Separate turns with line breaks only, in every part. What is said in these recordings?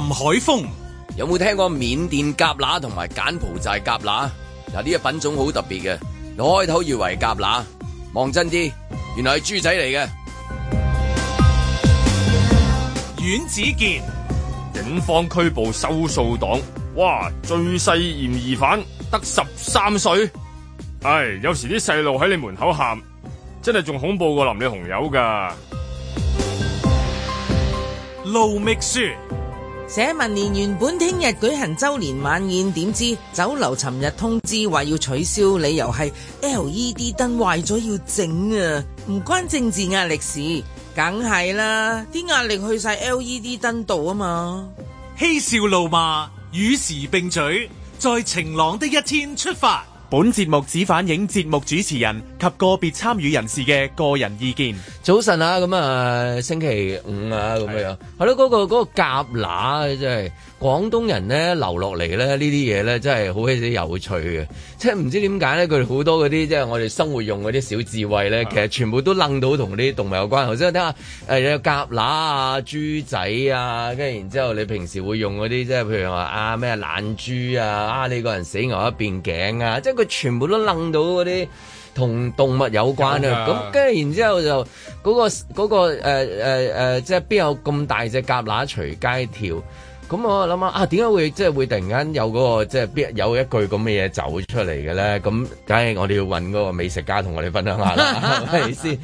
林海峰有冇聽過緬甸甲乸同埋柬埔寨甲乸？嗱、啊，呢個品種好特別嘅，我開頭以為甲乸，望真啲，原來係豬仔嚟嘅。
阮子健，警方拘捕收數黨，哇，最細嫌疑犯得十三歲，唉，有時啲細路喺你門口喊，真係仲恐怖過淋你紅油噶。
盧覓雪。社民連原本聽日舉行周年晚宴，點知酒樓尋日通知話要取消，理由係 L E D 燈壞咗要整啊！唔關政治壓力事，梗係啦，啲壓力去晒 L E D 燈度啊嘛！嬉
笑怒罵與時並舉，在晴朗的一天出發。本節
目只反映節目主持人及個別參與人士嘅個人意見。早晨啊，咁啊，星期五啊，咁樣，係咯的，嗰個嗯嗰個夾乸啊，真係。廣東人咧，留落嚟咧，呢啲嘢咧真係好啲有趣嘅，即係唔知點解咧，佢哋好多嗰啲即係我哋生活用嗰啲小智慧咧，其實全部都楞到同嗰啲動物有關。頭先我睇下誒，有蛤乸啊、豬仔啊，跟住然之後你平時會用嗰啲即係譬如話啊咩懶豬啊，啊你個人死牛一邊頸啊，即係佢全部都楞到嗰啲同動物有關啊。咁跟住然之後就嗰個、嗰個誒、呃呃呃、即係邊有咁大隻蛤乸隨街跳？咁、嗯、我諗下啊，點解會即係會突然間有嗰、那個即係有一句咁嘅嘢走出嚟嘅咧？咁梗係我哋要揾嗰個美食家同我哋分享下啦，係咪先？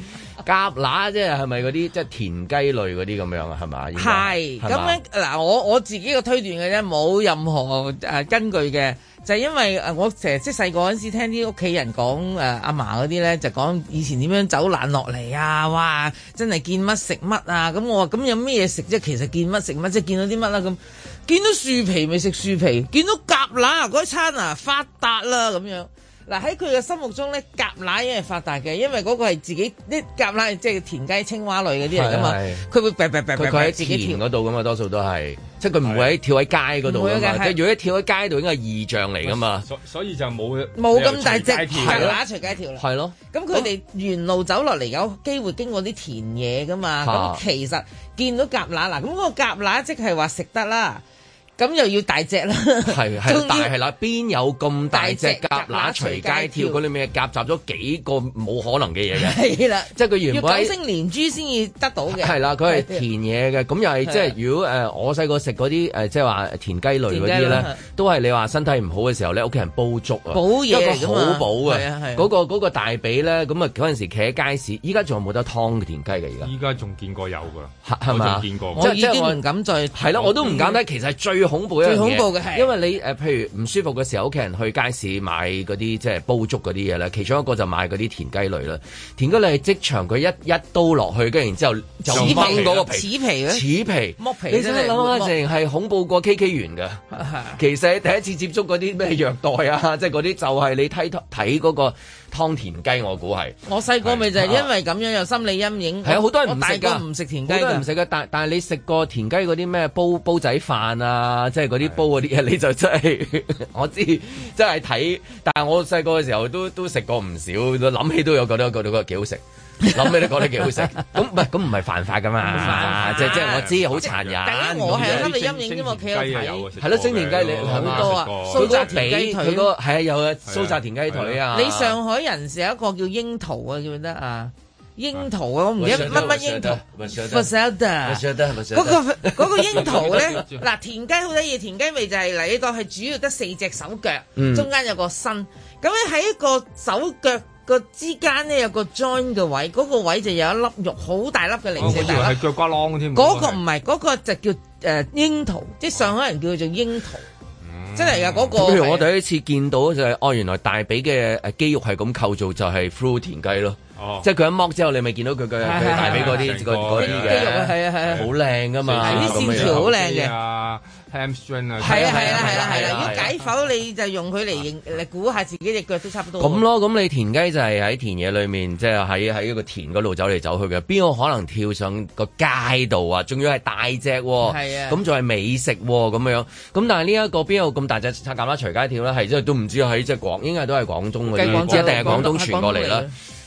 蛤乸即係係咪嗰啲即係田雞類嗰啲咁樣啊？係嘛？係咁樣
嗱，我我自己嘅推斷嘅啫，冇任何誒、呃、根據嘅，就係、是、因為我成日、呃、即係細個嗰陣時聽啲屋企人講誒、呃、阿嫲嗰啲咧，就講以前點樣走難落嚟啊！哇，真係見乜食乜啊！咁、嗯、我話咁有咩嘢食啫？其實見乜食乜即係見到啲乜啦咁。啊啊啊啊見到樹皮未食樹皮，見到蛤乸嗰餐啊發達啦咁樣。嗱，喺佢嘅心目中咧，蛤乸一樣發達嘅，因為嗰個係自己啲蛤乸，即係田雞青蛙類嗰啲嚟噶嘛。佢會
佢喺自己田嗰度噶嘛，多數都係，即係佢唔會喺跳喺街嗰度。佢如果跳喺街度，應該係異象嚟噶嘛。
所所以就
冇冇咁大
隻，係啦，蛤乸隨街跳啦。咯，
咁佢哋沿路走落嚟有機會經過啲田野噶嘛。咁其實見到蛤乸嗱，咁嗰個蛤乸即係話食得啦。咁又要大隻啦，
係係啦，大係啦，邊有咁大隻蛤乸隨街跳嗰啲咩？夾雜咗幾個冇可能嘅嘢嘅，係啦，即係佢原本要九星
連珠先至得到嘅，係啦，佢係甜
嘢嘅，咁又係即係如果誒我細個食嗰啲誒即係話田雞類嗰啲咧，都係你話身體唔好嘅時候咧，屋企人煲粥啊，一個好補啊。嗰個嗰個大髀咧，咁啊嗰陣時企喺街市，依家仲有冇得劏嘅田雞嘅而
家？依家仲見過有㗎，係
咪啊？我已經唔
敢再係咯，我都唔敢
睇，其實係最。最恐怖嘅係，因為你誒、呃，譬如唔舒服嘅時候，屋企人去街市買嗰啲即係煲粥嗰啲嘢啦，其中一個就買嗰啲田雞類啦。田雞類係即場，佢一一刀落去，跟住然之後就崩嗰個皮，皮咧、啊，皮剝皮。你真係諗下，成係恐怖過 K K 完嘅。 其實第一次接觸嗰啲咩藥袋啊，即係嗰啲就係你睇睇嗰個。湯田雞我估係，
我細個咪就係因為咁樣、啊、有心理陰影。係啊，好多人唔食我大個唔
食田雞，唔食噶。但但係你食過田雞嗰啲咩煲煲仔飯啊，即係嗰啲煲嗰啲嘢，的你就真係 我知，真係睇。但係我細個嘅時候都都食過唔少，諗起都有覺,覺得覺得覺得幾好食。諗咩都講得幾好食。咁唔係咁唔係犯法噶嘛？即係即係我知好殘忍。但係我係有心理陰影啫嘛。其實係係咯，蒸田雞你好多啊，酥炸田雞腿。係啊，有啊，酥炸田雞腿啊。你上
海人食一個叫櫻桃啊，記唔記得啊？櫻桃啊，我唔記得乜乜櫻桃。
唔記得，得，唔記得，得。嗰個個櫻桃咧，嗱
田雞好多嘢，田雞味就係嚟。呢個係主要得四隻手腳，中間有個身，咁咧喺一個手腳。個之間咧有個 join 嘅位，嗰、那個位就有一粒肉，好大粒嘅零食蛋。係、哦、
腳瓜囊添。
嗰個
唔係，嗰、那個就叫誒、呃、櫻桃，即上海人叫做櫻桃，嗯、真係噶嗰個。譬如我
第一次見到就係、是，哦，原來大髀嘅誒肌肉係咁構造就 cake,、哦，就係 full 田雞咯。即係佢一剝之後，你咪見到佢嘅大髀嗰啲啲嘅肌肉啊，係啊，係啊，好靚噶嘛，啲線條好
靚嘅。time s, st rain, 啊，
係啦係啦係啦要解
剖你就用佢嚟嚟估下自己隻腳都差唔多。咁
咯，咁你田雞就係喺田野裏面，即係喺喺一個田嗰度走嚟走去嘅，邊個可能跳上個街度啊？仲要係大隻，係啊，咁仲係美食咁、啊、樣。咁但係呢一個邊有咁大隻蛤乸隨街跳咧？係即係都唔知喺即係廣，應該都係廣東嘅，即係定係廣東傳過嚟啦。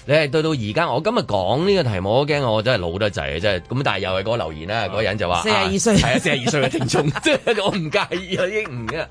你係對到而家，我今日講呢個題目，我驚我真係老得滯 42 歲 啊！真係咁，但係又係嗰留言咧，嗰人就話：四十二歲，係啊，四十二歲嘅聽眾，即係 我唔介意有啲唔？」啊。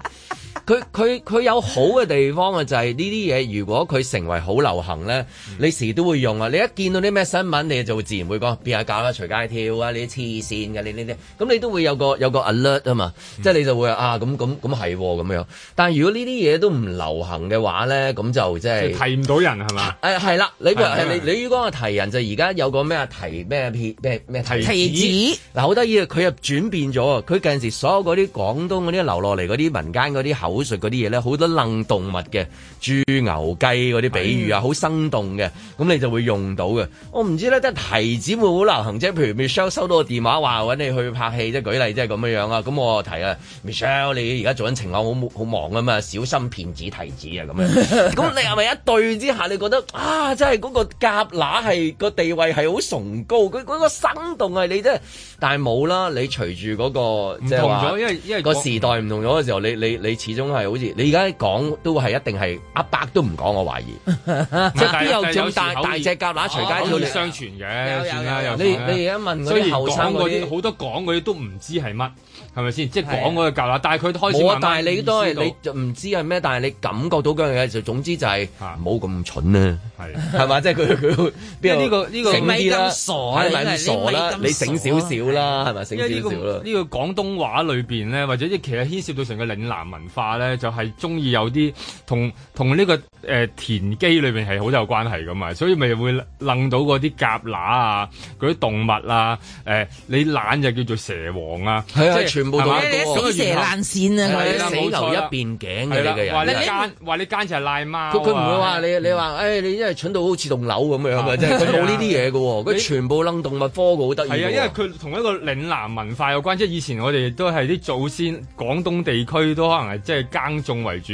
佢佢佢有好嘅地方啊，就係呢啲嘢，如果佢成為好流行咧，你時都會用啊！你一見到啲咩新聞，你就自然會講變下價啦，隨街跳啊！你黐線嘅你呢啲，咁你都會有個有個 alert 啊嘛，嗯、即係你就會啊咁咁咁係咁樣。但係如果呢啲嘢都唔流行嘅話咧，咁就即、就、係、係、提唔到人係嘛？誒係、哎、啦，你係、啊、你你依家個提人就而家有個咩啊提咩
咩咩提提子嗱
好得意啊！佢子、嗯、又轉變咗啊！佢近時所有嗰啲廣東嗰啲流落嚟嗰啲民間嗰啲。 口述嗰啲嘢咧，好多冷動物嘅豬牛雞嗰啲比喻啊，好的生動嘅，咁你就會用到嘅。我唔知咧，即係提子會好流行啫。譬如 Michelle 收到個電話話揾你去拍戲，即係舉例，即係咁樣樣啦。咁我提啊，Michelle，你而家做緊情況好好忙啊嘛，小心騙子提子啊咁樣。咁 你係咪一對之下，你覺得啊，真係嗰個夾乸係個地位係好崇高？佢、那、嗰個生動係你即係，但係冇啦。你隨住嗰個唔同因為說因為個時代唔同咗嘅時候，你你你。你你始終係好似你而家講都係一定係阿伯都唔講，我懷
疑即係都有咁大大隻夾乸隨街有相傳嘅，你你而家問所以後生啲好多講嗰啲都唔知係乜。係咪先？即係講嗰個甲乸，
但係佢開始冇但係你都係你就唔知係咩，但係你感覺到嗰樣嘢就總之就係冇咁蠢啦。
係、係話即係佢佢佢，因為呢個呢個醒啲啦，係咪？你你你醒少少啦，係咪？醒少少啦。呢個廣東話裏邊咧，或者即其實牽涉到成個嶺南文化咧，就係中意有啲同同呢個誒田基裏邊係好有關係噶嘛，所以咪會掟到啲甲乸啊，啲動物啊，誒你懶就叫做蛇王啊，即係。全部動物多蛇爛線啊，死留一邊頸嘅
呢個人。話你奸，
話你奸就係賴貓。佢唔會話你
你話，誒，你真係蠢到好似棟樓咁樣，即係冇呢啲嘢嘅。佢全部掹動物科嘅好得意。係啊，因為
佢同一個嶺南文化有關，即係以前我哋都係啲祖先廣東地區都可能係即係耕種為主，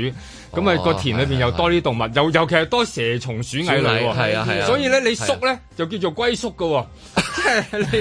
咁啊個田裏邊又多啲動物，又尤其係多蛇蟲鼠蟻類。係啊係啊。所以咧，你縮咧就叫做龜縮嘅。
即係你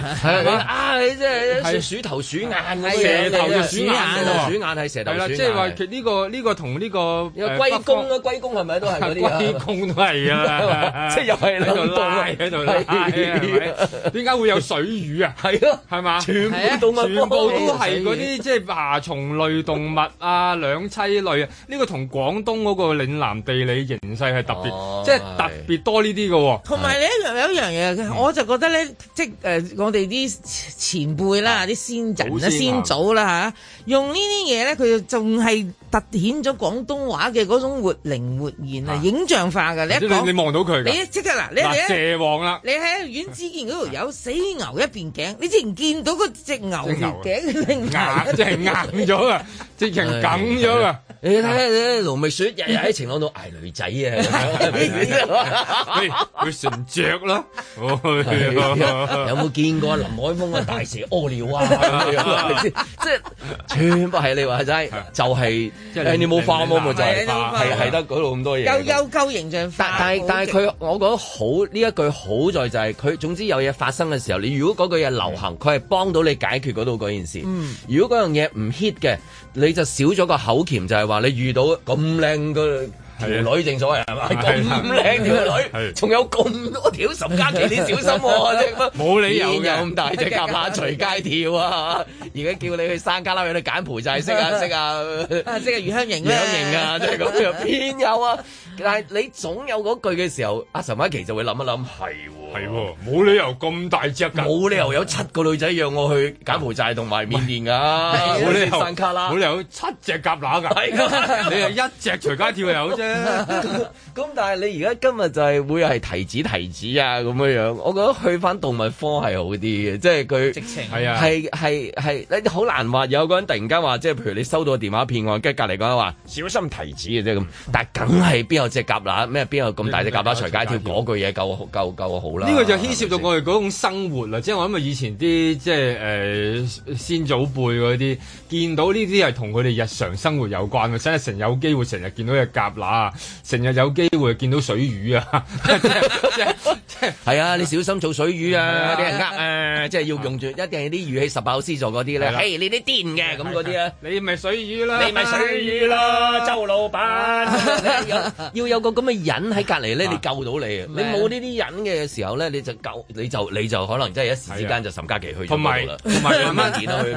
係啊！你即係鼠頭鼠眼嗰啲蛇頭又鼠眼喎，鼠眼係蛇頭。係啦，即係話
佢呢個呢個同呢個龜公
咯，龜公係咪都係嗰啲？龜
公都係啊，即係又係呢度啦，又係呢度啦。點解會有水魚啊？係咯，係嘛？全部動物都係嗰啲，即係爬蟲類動物啊，兩棲類啊。呢個同廣東嗰個嶺南地理形勢係特別，即係特別多呢啲嘅喎。同埋
你一樣有一樣嘢，我就覺得咧，即係。誒、呃，我哋啲前輩啦，啲、啊、先人啦、啊，先，先祖啦吓、啊，用呢啲嘢咧，佢仲係。突顯咗廣東話嘅嗰種活靈活現啊，影像化嘅。你你望到佢，你即刻嗱，你蛇王啦，你喺阮志健嗰度有死牛一邊頸，你之前見到嗰隻牛頸，硬，即係硬
咗啦，
即人噉咗啊。你睇下羅密雪日日喺情浪度捱女仔啊，佢順著啦，有冇見過林海峰嘅大蛇屙尿啊？即係全部係你話齋，就係。即你冇化冇，咪就係化，係得嗰度咁多嘢。有夠
夠形象化。但係但係佢，但
我覺得好呢一句好在就係佢，總之有嘢發生嘅時候，你如果嗰句嘢流行，佢係是幫到你解決嗰度嗰件事。嗯，如果嗰樣嘢唔 hit 嘅，你就少咗個口鉗，就係、是、話你遇到咁靚嘅。條女正所謂係嘛，咁靚條女，仲有咁
多條岑嘉琪，你小心喎，冇理由有咁大隻蛤乸隨
街跳啊！而家叫你去山卡拉去柬埔寨，識啊識啊，
識啊余香凝啊！余香凝啊，即係咁樣，邊
有啊？但係你總有嗰句嘅時候，阿岑嘉琪就會諗一諗，係喎，係喎，冇理由咁大隻噶，冇理由有七個女仔讓我去柬埔寨同埋緬甸㗎，冇理由山卡拉，冇理由
七隻蛤乸㗎，你係一隻隨街跳又。
咁 但係你而家今日就係會係提子提子啊咁樣樣，我覺得去返動物科係好啲嘅，即係佢直情係啊係係係你好難話有個人突然間話，即係譬如你收到個電話騙案，跟住隔籬講話小心提子嘅啫咁，但係梗係邊有隻夾乸咩？邊有咁大隻夾乸隨街跳嗰句嘢夠夠夠好啦。呢個就
牽涉到我哋嗰種生活啦，即係我諗以前啲即係誒先祖輩嗰啲見到呢啲係同佢哋日常生活有關嘅，真係成有機會成日見到隻夾乸。啊！成日有機會見到水魚啊，即係啊！你小心做水魚啊，畀人呃誒，
即係要用住一定係啲魚器十飽施助嗰啲咧。誒，你啲癲嘅咁嗰啲啊，你咪水魚啦，你咪水魚啦，周
老闆。
要有個咁嘅人喺隔離咧，你救到你啊！你冇呢啲人嘅時候咧，你就救你就你就可能真係一時之間就沈家琪去同埋慢慢，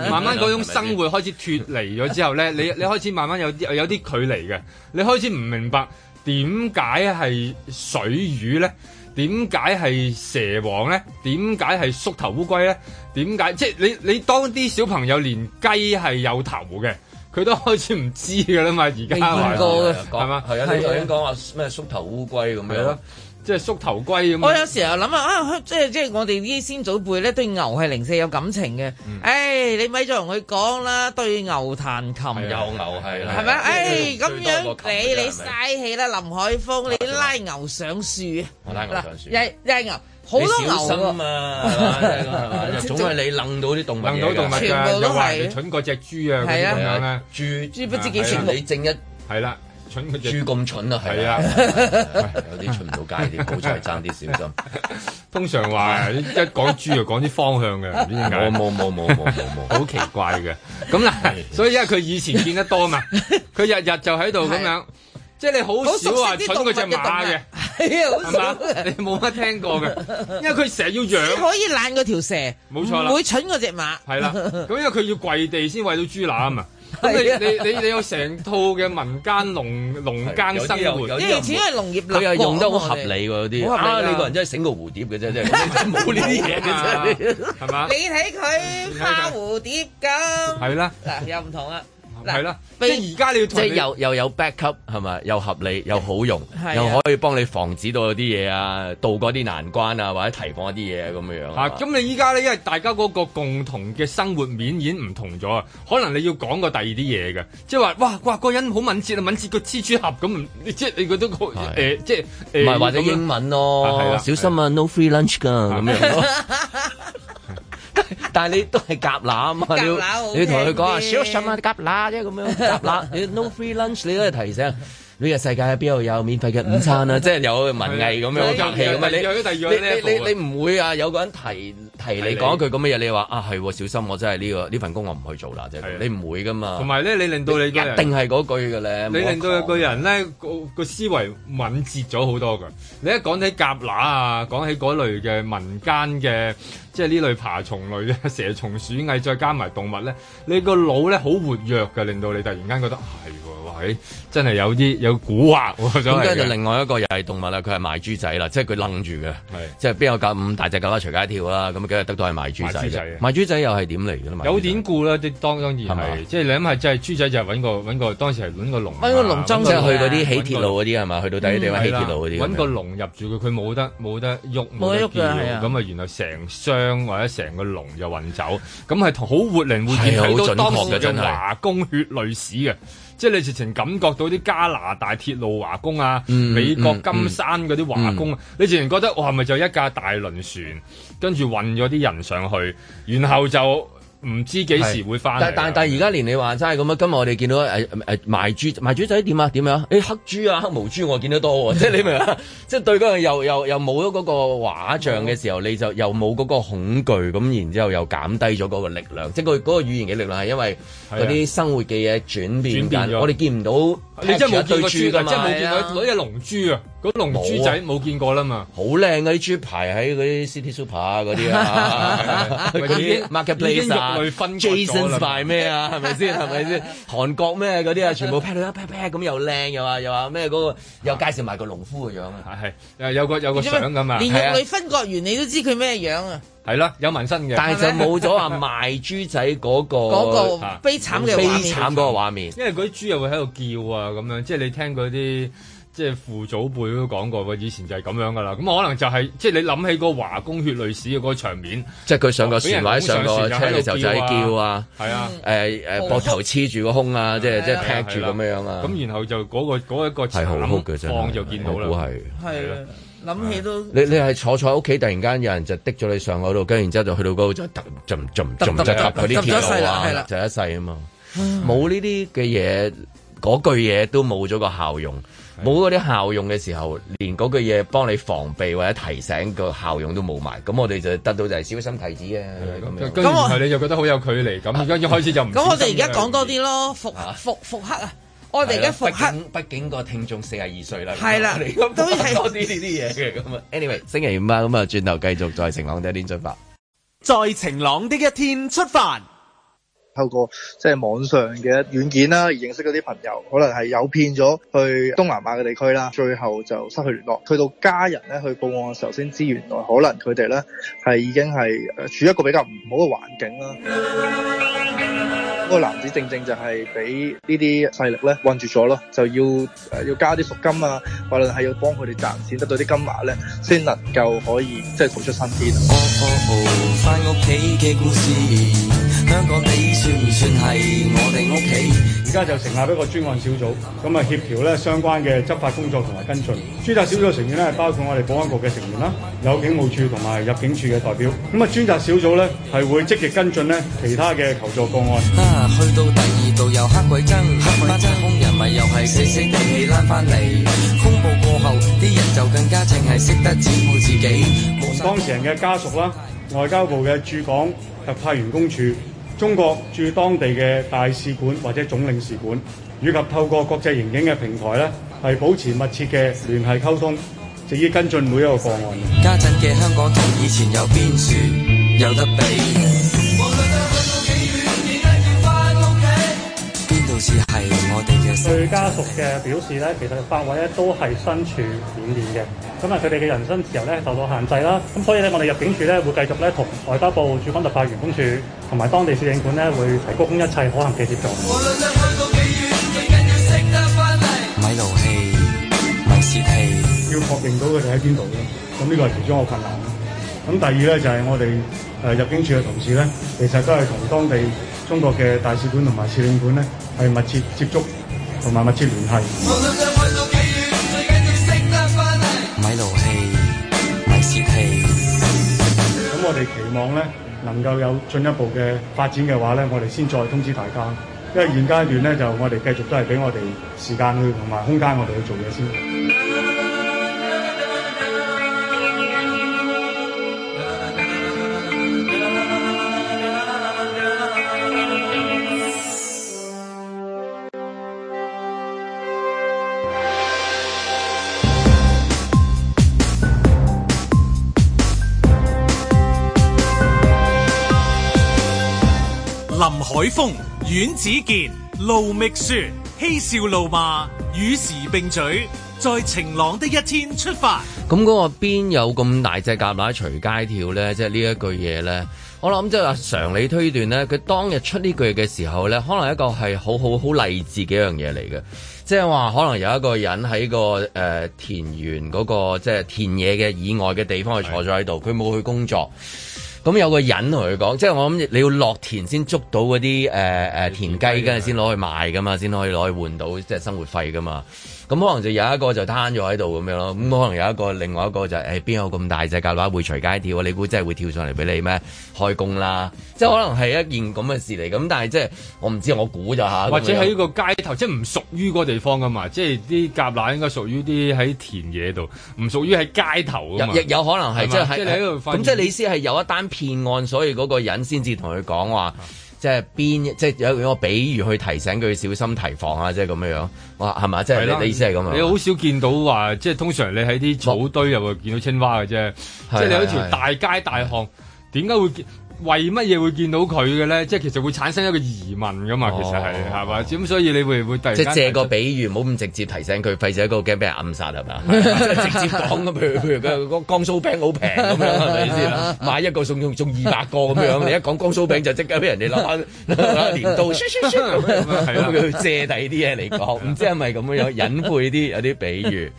慢慢嗰種
生活開始脱離咗之後咧，你你開始慢慢有有啲距離嘅，你開始唔明。明白，點解係水魚咧？點解係蛇王咧？點解係縮頭烏龜咧？點解即係你你當啲小朋友連雞係有頭嘅，佢都開始唔知噶啦嘛？而家係嘛？係啊，你頭先講話咩縮頭烏龜
咁樣。即係縮頭龜咁。我有時候諗下，啊即係即係我哋啲先祖輩咧對牛係零舍有感情嘅。誒，你咪再同佢講啦，對牛彈琴有牛
係啦，係咪啊？誒咁樣你你嘥
氣啦，林海峰，你拉牛上樹我拉牛上樹，牛好多牛啊嘛，
總係你諷到啲動物，諷到動物㗎，有埋你蠢過隻豬啊咁樣咧，豬不知幾時，你正一係啦。蠢隻豬咁蠢啊，係啊，有啲出唔到街，好彩，爭啲小心。通常話一講豬就講啲方向嘅，我冇冇冇冇冇冇，好奇怪嘅。咁啦，所以因為佢以前見得多嘛，佢日日就喺度咁樣，即係你好少話蠢嗰隻馬嘅，係咪？你冇乜聽過嘅，因為佢成日要養，可
以懶嗰條蛇，冇錯啦，會蠢嗰隻馬，係啦，
咁因為佢要跪地先餵到豬乸啊嘛。你你你你有成套嘅民間農農耕生活，即係只係農業，佢又用
得好合理喎，有啲你個人真係醒過蝴蝶嘅啫，真係冇呢啲嘢嘅啫，係嘛？你
睇佢花蝴蝶咁，係啦，嗱又唔同啦。係啦，
即係而家你要你即係又又有 backup 係咪？又合理，又好用，的又可以幫你
防止到啲嘢啊，渡過啲難關啊，或者提防一啲嘢咁樣樣。嚇，咁你依家咧，因為大家嗰個共同嘅生活面已經唔同咗啊，可能你要講個第二啲嘢嘅，即係話，哇哇，嗰人好敏捷啊，敏捷個蜘蛛俠咁，即係你覺得個誒，即係唔係或者英文咯？小
心啊，no free lunch 㗎咁樣。的 但係你都係夾乸啊嘛，你要同佢講啊，小心啊啲夾乸啫，咁樣夾乸，你 no free lunch，你都係提醒。呢個世界邊度有免費嘅午餐啊！即係有文藝咁樣客氣咁啊！你你你你唔會啊！有個人提提你講一句咁嘅嘢，你話啊係小心我真係呢個呢份工我唔去做啦！即係你唔會噶嘛。同埋
咧，你令到你一定係嗰句嘅咧。你令到個人咧個個思維敏捷咗好多噶。你一講起甲乸啊，講起嗰類嘅民間嘅即係呢類爬蟲類嘅蛇蟲鼠蟻，再加埋動物咧，你個腦咧好活躍噶，令到你突然間覺得係喎。哎、真係有啲有蠱惑，咁跟住另外一個又係動
物啦，佢係賣豬仔啦，即係佢愣住嘅，是即係邊有狗咁大隻狗啦，隨街跳啦，啊，咁啊梗係得到係賣
豬仔嘅。賣豬仔又係點嚟嘅咧？有典故啦，啲當當然係，即係你諗係即係豬仔就係揾個揾個當時係揾個籠，揾個籠掙上去嗰啲起鐵路嗰啲係嘛？去到底地方起鐵路嗰啲，揾個籠入住佢，佢冇得冇得喐，冇得喐㗎啦，咁啊，然後成箱或者成個籠就運走，咁係好活靈活現睇到當時嘅華工血淚史。嘅。即係你直情感覺到啲加拿大鐵路華工啊，嗯、美國金山嗰啲華工，啊、嗯。嗯、你直情覺得我係咪就一架大輪船跟住運咗啲人上去，然後就。唔知幾時會翻，但但
但而家連你話齋咁啊！今日我哋見到誒誒賣豬賣豬仔點啊？點樣、啊？誒、欸、黑
豬啊，黑毛豬我見得多喎、啊 啊！即係你明，
即係對嗰個又又又冇咗嗰個畫像嘅時候， 你就又冇嗰個恐懼咁，然之後又減低咗嗰個力量，即係個嗰個語言嘅力量，係因為嗰啲生活嘅嘢轉變緊，啊、變我哋見唔到、啊啊。你真係冇見過豬㗎，即係冇見到
攞隻龍豬啊！嗰龍珠豬仔冇見過啦嘛，
好靚嘅啲豬排喺嗰啲 City Super 啊嗰啲啊，嗰啲 Market Place 啊，嗰分類分身咩啊？係咪先？係咪先？韓國咩嗰啲啊，全部劈一劈劈咁又靚又話又話咩嗰個又介紹埋個農夫嘅樣啊？
係有個 有
個相咁啊！連肉類
分割完、啊、你都知佢咩樣啊？
係咯嗎， 有紋身嘅，但係就冇咗啊賣豬仔嗰、那個、個悲慘嘅 悲慘嗰個畫面，因為嗰啲豬又會喺度叫啊咁樣，即係你聽嗰啲。即係父祖輩都講過，以前就係咁樣噶啦。咁可能就係即係你諗起個華工血淚史嘅嗰個場面，
即係佢上個船或者上個車嘅時候就係叫啊，係啊，誒誒，膊頭黐住個胸啊，即係即
係
擗住咁樣啊。咁然後就嗰個嗰一個場景就見到啦，係
係啊，諗起都
你你係坐坐喺屋企，突然間有人就滴咗你上嗰度，跟住然之後就去到嗰度就突，就唔就唔就唔就唔就唔搭嗰啲鐵路啊，就一世啊嘛，冇呢啲嘅嘢，嗰句嘢都冇咗個效用。冇嗰啲效用嘅時候，連嗰句嘢幫你防備或者提醒嘅、那個、效用都冇埋，咁我哋就得到就係小心提子嘅、
啊、咁的樣，咁你
就覺得好有距離咁，而家一開始就
唔咁我哋而家講多
啲咯，復復復刻啊！我哋而家復刻，畢
竟個聽眾四十二歲啦，
係啦的，咁都睇多啲呢啲嘢嘅
咁啊。Anyway， 星期五啊，咁啊轉頭繼續在晴朗的一天出發，
在
晴朗的一天出發。
透過即係網上
嘅軟件啦，而認識嗰啲朋友，可能係誘騙咗去東南亞嘅地區啦，最後就失去聯絡。去到家人咧去報案嘅時候，先知原來可能佢哋咧係已經係處一個比較唔好嘅環境啦。嗰、嗯嗯嗯、個男子正正就係俾呢啲勢力咧困住咗咯，就要、呃、要加啲贖金啊，或者係要幫佢哋賺錢得到啲金額咧，先能夠可以即係、就是、逃出生天、哦哦、
返屋企嘅故事。香港你算唔算係我哋屋企？而家
就成立一個專案小組，咁啊協調咧相關嘅執法工作同埋跟進。專責小組成員咧，包括我哋保安局嘅成員啦，有警務處同埋入境處嘅代表。咁啊，專責小組咧係會積極跟進咧其他嘅求助個案。啊，
去到第二度又黑鬼真，
黑鬼真，空人咪又係死死地氣翻嚟。恐怖過後，啲人就更加淨係識得照顧自己。當事人嘅家屬啦，外交部嘅駐港特派員公署，中國駐當地嘅大使館或者總領事館，以及透過國際刑警嘅平台咧，係保持密切嘅聯繫溝通，直於跟進每一個個案。家陣嘅香港同以前有邊說有得比。
我
哋對家屬嘅表示咧，其實八位咧都係身處險境嘅，咁啊佢哋嘅人身自由咧受到限制啦，咁所以咧我哋入境處咧會繼續咧同外交部駐港特派員公署同埋當地使領館咧會提供一切可行嘅協助。無論去到幾
遠，最緊要識得返
嚟。咪勞氣，咪洩氣，要確認到佢哋喺邊度咧，咁呢個係其中嘅困難啦。咁第二咧就係、是、我哋誒入境處嘅同事咧，其實都係同當地中國嘅大使館同埋使領館咧。係密切接觸同埋密切聯繫，咪漏氣，咪泄氣。咁我哋期望咧能夠有進一步嘅發展嘅話咧，我哋先再通知大家。因為現階段咧，就我哋繼續都係俾我哋時間去同埋空間，我哋去做嘢先。
海風、阮子健、盧覓雪，嬉笑怒罵，與時並舉。在晴朗的一天出發。
咁嗰、那個邊有咁大隻蛤乸隨街跳呢？即係呢一句嘢呢？我諗即係話常理推斷呢，佢當日出呢句嘢嘅時候呢，可能一個係好好好勵志嘅一樣嘢嚟嘅。即係話可能有一個人喺個誒、呃、田園嗰、那個即係、就是、田野嘅以外嘅地方，佢坐咗喺度，佢冇去工作。咁有個人同佢講，即係我諗你要落田先捉到嗰啲誒誒田雞，跟住先攞去賣㗎嘛，先可以攞去換到即係生活費㗎嘛。咁、嗯、可能就有一個就攤咗喺度咁樣咯，咁、嗯、可能有一個另外一個就誒、是、邊、哎、有咁大隻蛤乸會隨街跳啊？你估真係會跳上嚟俾你咩開工
啦？即係可能係一件咁嘅事嚟，咁但係即係我唔知，我估就吓。或者喺個街頭，即係唔屬於嗰地方噶嘛？即係啲蛤乸應該屬於啲喺田野度，唔屬於喺街頭啊嘛。亦有，有可能係吧即係是喺，度咁即係你先係、啊、有一單騙案，所以嗰
個人先至同佢講話。啊。即係邊即係有一個比喻去提醒佢小心提防啊！即係咁樣樣，哇係嘛？嗯、吧即係你意思係咁啊？你好
少見到話，即係通常你喺啲草堆入邊見到青蛙嘅啫，嗯、即係你喺條大街大巷，點解的會見？的的為乜嘢會見到佢嘅咧？即係其實會產生一個疑問噶嘛，其實係係嘛？咁所以你會會突即係借個比喻，唔好咁直接提醒佢，費事喺度驚俾人暗殺係嘛？
即係直接講咁，譬如譬如嗰個江蘇餅好平咁樣，係咪先？買一個送送送二百個咁樣，你一講江蘇餅就即刻俾人哋攞攞鐮刀，係佢借第啲嘢嚟講，唔知係咪咁樣隱晦啲有啲比喻。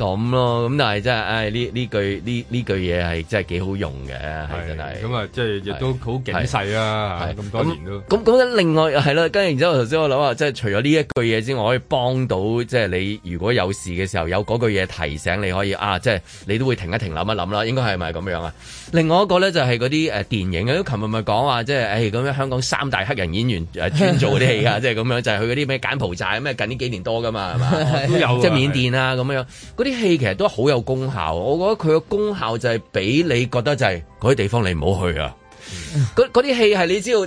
咁咯，咁但係真係，唉呢呢句呢呢句嘢係真係幾好用嘅，
係是真係。咁、嗯、啊，即係亦都好警世啊！咁是多年
都。咁咁、嗯啊啊、另外係咯、嗯，跟住然之後頭先我諗啊，即係除咗呢一句嘢之外，可以幫到即係你如果有事嘅時候，有嗰句嘢提醒你可以啊，即係你都會停一停、諗一諗啦。應該係咪咁樣啊？另外一個咧就係嗰啲誒電影啊，咁琴日咪講話即係唉咁樣香港三大黑人演員誒專做啲戲啊，即係咁樣就係、是、去嗰啲咩柬埔寨咩近呢幾年，年多㗎嘛係嘛，即係緬甸啊咁樣嗰啲。 啲戲其實都好有功效，我覺得佢個功效就係俾你覺得就係嗰啲地方你唔好去啊。嗰啲戲係你知道，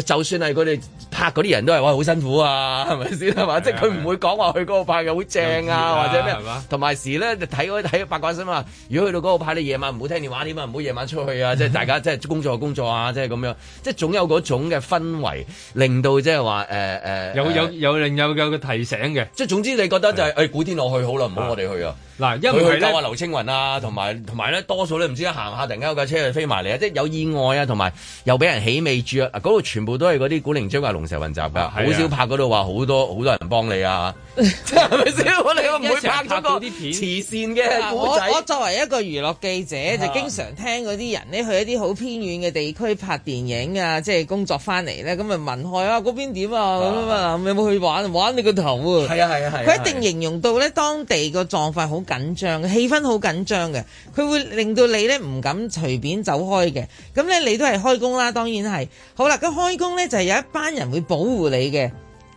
就算係佢哋拍嗰啲人都係話好辛苦啊，係咪先係嘛？即係佢唔會講話去嗰個拍又好正啊，或者咩？係嘛？ 同埋時咧，睇嗰睇八卦新聞，如果去到嗰個拍，你夜晚唔好聽電話點啊，唔好夜晚出去啊，即係 大家即係工作工作啊，即係咁樣，即係總有嗰種嘅氛圍，令到即係話誒誒，有有有另有有嘅提醒嘅。即係總之你覺得就係、是、誒、欸、古天樂去好啦，唔好我哋去啊。對 嗱，因為佢都話劉青雲啊，同埋同埋咧，多數咧唔知行下，突然間有架車去飛埋嚟啊！即係有意外啊，同埋又俾人起尾注啊！嗰、啊、度全部都係嗰啲古靈精怪、龍蛇混雜㗎，好的少拍嗰度話好多好
多人幫你啊，係咪先？你唔的不會拍咗個慈善嘅古仔。我作為一個娛樂記者，就經常聽嗰啲人咧去一啲好偏遠嘅地區拍電影啊，即係工作翻嚟咧，咁啊問開啊嗰邊點啊咁啊，有冇去玩？玩你個頭啊！係 啊係啊係！佢一定形容到咧當地個狀況好。啊 緊張嘅氣氛好緊張嘅，佢會令到你咧唔敢隨便走開嘅。咁咧，你都係開工啦，當然係。好啦，咁開工咧就係有一班人會保護你嘅。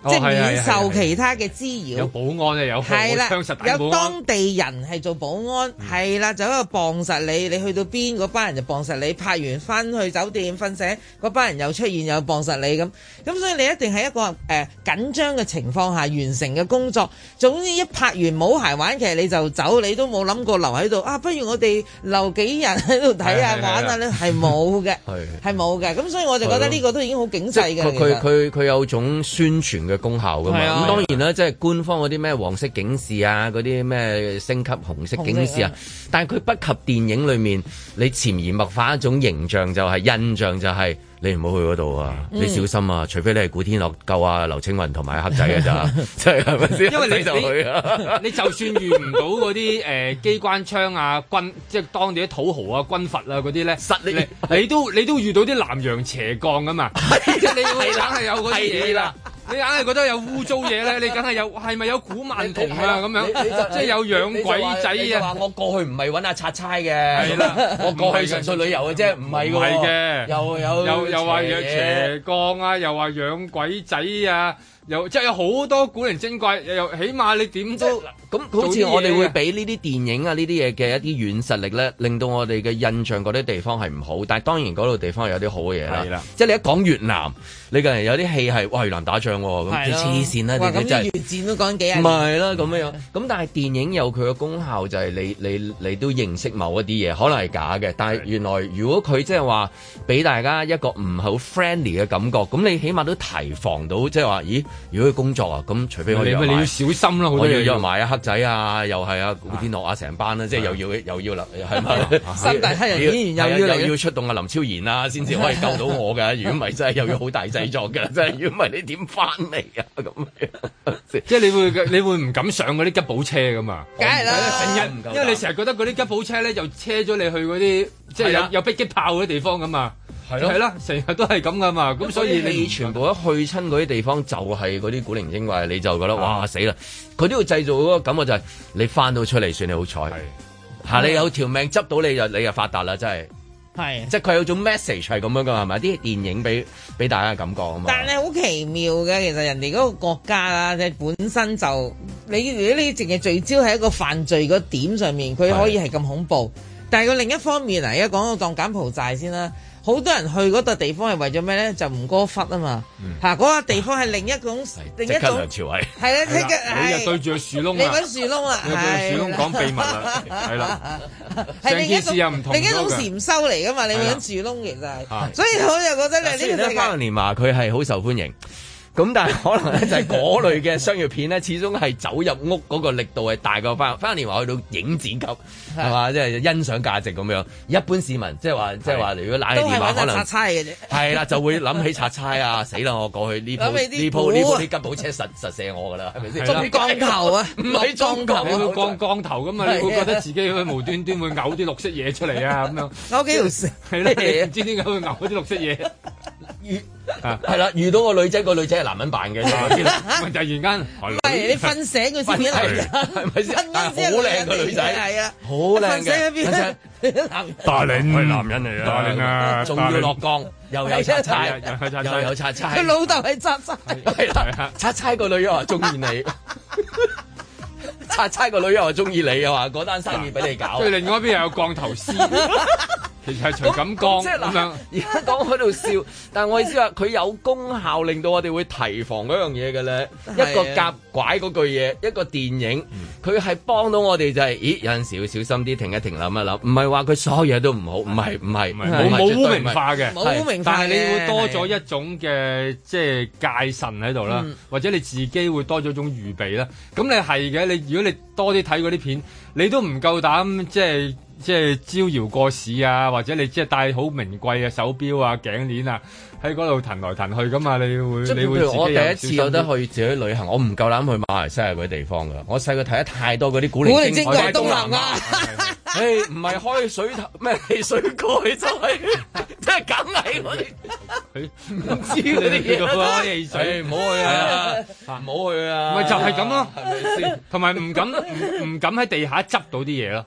即係免受其他嘅滋擾，有
保安啊，有係啦，有當
地人係做保安，係啦，就喺度傍實你。你去到邊班人就傍實你，拍完翻去酒店瞓醒，班人又出現又傍實你咁。咁所以你一定係一個誒緊張嘅情況下完成嘅工作。總之一拍完冇鞋玩，其實你就走，你都冇諗過留喺度啊！不如我哋留幾日喺度睇下玩啊？係冇嘅，係冇嘅。咁所以我就覺得呢個都已經好警細嘅，佢佢
佢有種宣傳嘅。嘅功效噶嘛，咁、嗯、當然啦，啊、即係官方嗰啲咩黃色警示啊，嗰啲咩升級紅色警示啊，啊但係佢不及電影裏面你潛移默化一種形象，就係，就係印象就係、是。你唔好去嗰度啊！你小心啊！除非你係古天樂救啊劉青雲同埋黑仔嘅咋，即係係咪
先？因為你你你就算遇唔到嗰啲誒機關槍啊軍，即係當地啲土豪啊軍閥啊嗰啲咧，你你都你都遇到啲南洋邪降噶嘛？係即係你，係硬係有嗰啲嘢啦。你硬係覺得有污糟嘢咧，你梗係有係咪有古曼童啊咁樣？即係有養鬼仔啊！我
過去唔係揾阿察差嘅，
我過去純粹旅遊嘅啫，唔係喎。唔係嘅，又有。又話養邪降啊！又話養鬼仔啊！又即係有好多古靈精怪，又又起碼你點都咁好似我哋會
俾呢啲電影啊呢啲嘢嘅一啲軟實力咧，令到我哋嘅印象嗰啲地方係唔好，但係當然嗰度地方有啲好嘅嘢啦。對了 即係你一講越南，你個人有啲戲係越南打仗咁、啊，即黐線啦，你真係越
戰都講幾日？唔係
啦，咁樣咁，但係電影有佢嘅功效就，就係你你你，你都認識某一啲嘢，可能係假嘅，但係原來如果佢即係話俾大家一個唔好 friendly 嘅感覺，咁你起碼都提防到即係話，咦？咦如果工作啊，咁除非我哋，咪你要小心咯，我又要約埋啊，黑仔啊，又係啊，古天樂啊，成班咧，即係又要又要啦，係咪三大黑人演員又要又要出動阿林超賢啦，先至可以救到我噶。如果
唔係，真係又要好大製作噶，真係如果唔係，你點翻嚟啊，咁，即係你會你會唔敢上嗰啲吉普車噶嘛？
梗係啦，因為因為你
成日覺得嗰啲吉普車咧，就車咗你去嗰啲即係有有迫擊炮嗰啲地方咁啊。係啦，成日是一都係咁噶嘛，咁一所以你
全部一去親嗰啲地方，就係嗰啲古靈精怪，你就覺得哇死啦！佢都要製造嗰個感覺就係、是、你翻到出嚟算你好彩，吓的你有條命執到你就你就發達啦，真係係的即係佢有種 message 係咁樣噶，係咪啲電影俾俾大家嘅感覺啊嘛？但
係好奇妙嘅，其實人哋嗰個國家啦，本身就你如果你淨係聚焦喺一個犯罪嗰點上面，佢可以係咁恐怖，的但係佢另一方面嚟而家講到當柬埔寨先啦。好多人去嗰度地方係為咗咩咧？就吳哥窟啊嘛，嚇嗰、嗯啊那個地方係另一種，是另一種。梁朝偉。係啦，你又對住個樹窿、啊， 你揾樹窿啦、啊，對住樹窿講秘密啦，係啦 的，係另一種，另一種禪修嚟噶嘛，你揾樹窿其實係，所以我就覺得咧、啊、呢個地方。花樣
年華佢係好受歡迎。咁但係可能咧，就係嗰類嘅商業片咧，始終係走入屋嗰個力度係大過翻，翻年話去到影展級，係嘛？即係欣賞價值咁樣。一般市民即係話，即係話，如果拉起電話，可能拆差嘅啫。係啦，就會諗起拆差啊！死啦，我過去呢鋪呢鋪呢鋪啲吉普車實實射我㗎啦，係咪
先？撞光頭啊！唔係光頭，
光光頭咁
啊！你會覺得自
己無端端會嘔啲綠色嘢出嚟啊！咁樣嘔幾條蛇，係啦，唔知點解會嘔啲綠色嘢。
遇係啦，遇到個女仔，個女仔係男人扮嘅，就突然間係你瞓醒嗰時，係
咪先？但係好靚個女仔，係啊，好靚嘅。
大嶺係男人嚟啊，大嶺啊，仲要落崗，又有擦擦，又有擦擦，佢
老豆係擦擦，係啦，擦擦個女又係中
意你，擦擦個女又係中意你啊嘛？嗰單生意俾你搞，最另外一邊又有降頭師。其實係隨咁講，咁樣而家講喺度笑，但係我意思話佢有功效，令到我哋會提防嗰樣嘢嘅咧。一個夾拐嗰句嘢，一個電影，佢係幫到我哋就係，咦，有陣時要小心啲，停一停，諗一諗。唔係話佢所有嘢都唔好，唔係唔係冇冇污名化嘅，但係
你會多咗一種嘅，即係戒慎喺度啦，或者你自己會多咗一種預備啦。咁你係嘅，你如果你多啲睇嗰啲片，你都唔夠膽即係。即係招搖過市啊，或者你即係戴好名貴嘅手錶啊、頸鏈啊，喺嗰度騰來騰去咁啊！你會你會自己覺得去自己旅行，我唔
夠膽去馬來西亞嗰啲地方㗎。我細個睇得太多嗰啲古靈古靈精怪東南亞，誒，唔係開水蓋咩？汽水蓋真係真係梗係佢，
佢唔知嗰啲汽水，唔好去啊，唔好去啊，咪就係咁咯，係咪先？同埋唔敢唔敢喺地下執到啲嘢咯。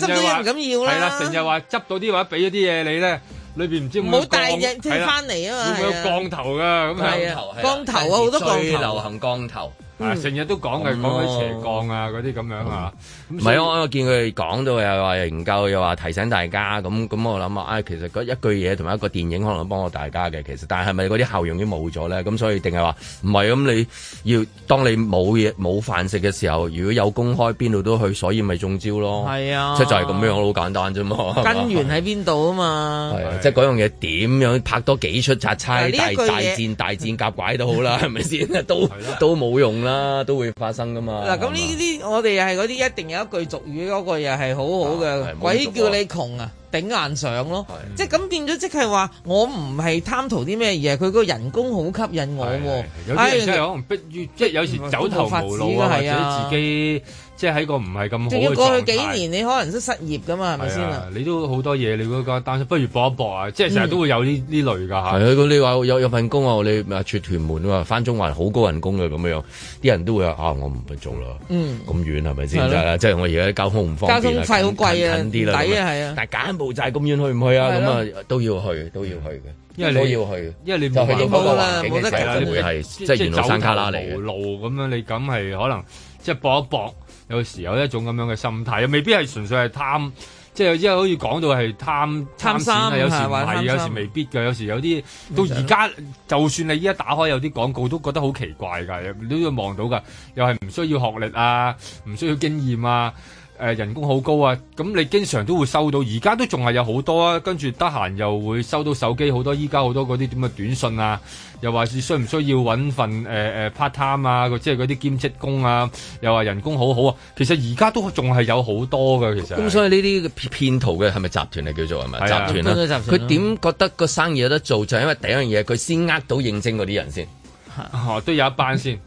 執到啲唔敢要啦，係啦，成日話執到啲或者畀咗啲嘢你咧，裏邊唔知。唔好帶嘢翻嚟啊嘛！
會唔會有降頭㗎？咁係啊，降頭啊，好多降頭。最流
行降頭。成日都講佢，講啲斜降啊，嗰啲咁樣啊，
唔係我見佢講到又話研究又話提醒大家，咁咁我諗啊，其實一句嘢同埋一個電影可能幫到大家嘅，其實，但係咪嗰啲效用已經冇咗咧？咁所以定係話唔係咁？你要當你冇嘢冇飯食嘅時候，如果有公開邊度都去，所以咪中招咯。係啊，即就係咁樣，好簡單啫嘛。根源
喺邊度啊？嘛，即
係嗰樣嘢點樣拍多幾出拆差大大戰大戰夾拐都好啦，係咪先？都都冇用。啦，
都會發生噶嘛。嗱，咁呢啲我哋又係嗰啲一定有一句俗語，嗰個又係好好嘅。啊、鬼叫你窮啊，頂硬上咯。嗯、即係咁變咗，即係話我唔係貪圖啲咩嘢，而係佢嗰個人工好吸引我喎。有啲人可能逼於，哎、即係有時走投無路，啊、或者自己。
即喺個唔係咁好嘅狀態，仲要過去幾
年，你可能都失業噶嘛，係咪先啊？
你都好多嘢，你嗰個擔心不如搏一搏啊！即係成日都會有呢呢類噶
嚇。你話有有份工啊，你啊出屯門翻中環好高人工嘅咁樣，啲人都會話啊，我唔去做啦。咁遠係咪先？即係我而家交通唔方便，交通費好貴啊，近啲啦，抵啊係啊！但係柬埔寨咁遠去唔去啊？咁啊都要去都要去嘅，因為你要去，因為你冇辦法啦，冇得即係山卡拉路
咁樣，你咁係可能即係搏一搏。有時有一種咁樣嘅心態，又未必係純粹係貪，即係有啲好似講到係貪貪心貪錢，有時唔係，有時未必嘅。有時有啲到而家，的就算你依家打開有啲廣告，都覺得好奇怪㗎，你都要望到㗎，又係唔需要學歷啊，唔需要經驗啊。誒人工好高啊！咁你經常都會收到，而家都仲係有好多啊。跟住得閒又會收到手機好多，依家好多嗰啲點嘅短信啊，又話係需唔需要揾份誒誒、呃、part time 啊，即係嗰啲兼職工啊，又話人工好好啊。其實而家都仲係有好多嘅，其實。咁所以呢啲騙徒嘅係咪集團嚟叫做係咪、啊、集團佢點、嗯、覺得個生意有得做，就係、因
為第一樣嘢佢先呃到應徵嗰啲人先、啊，都有一班先。嗯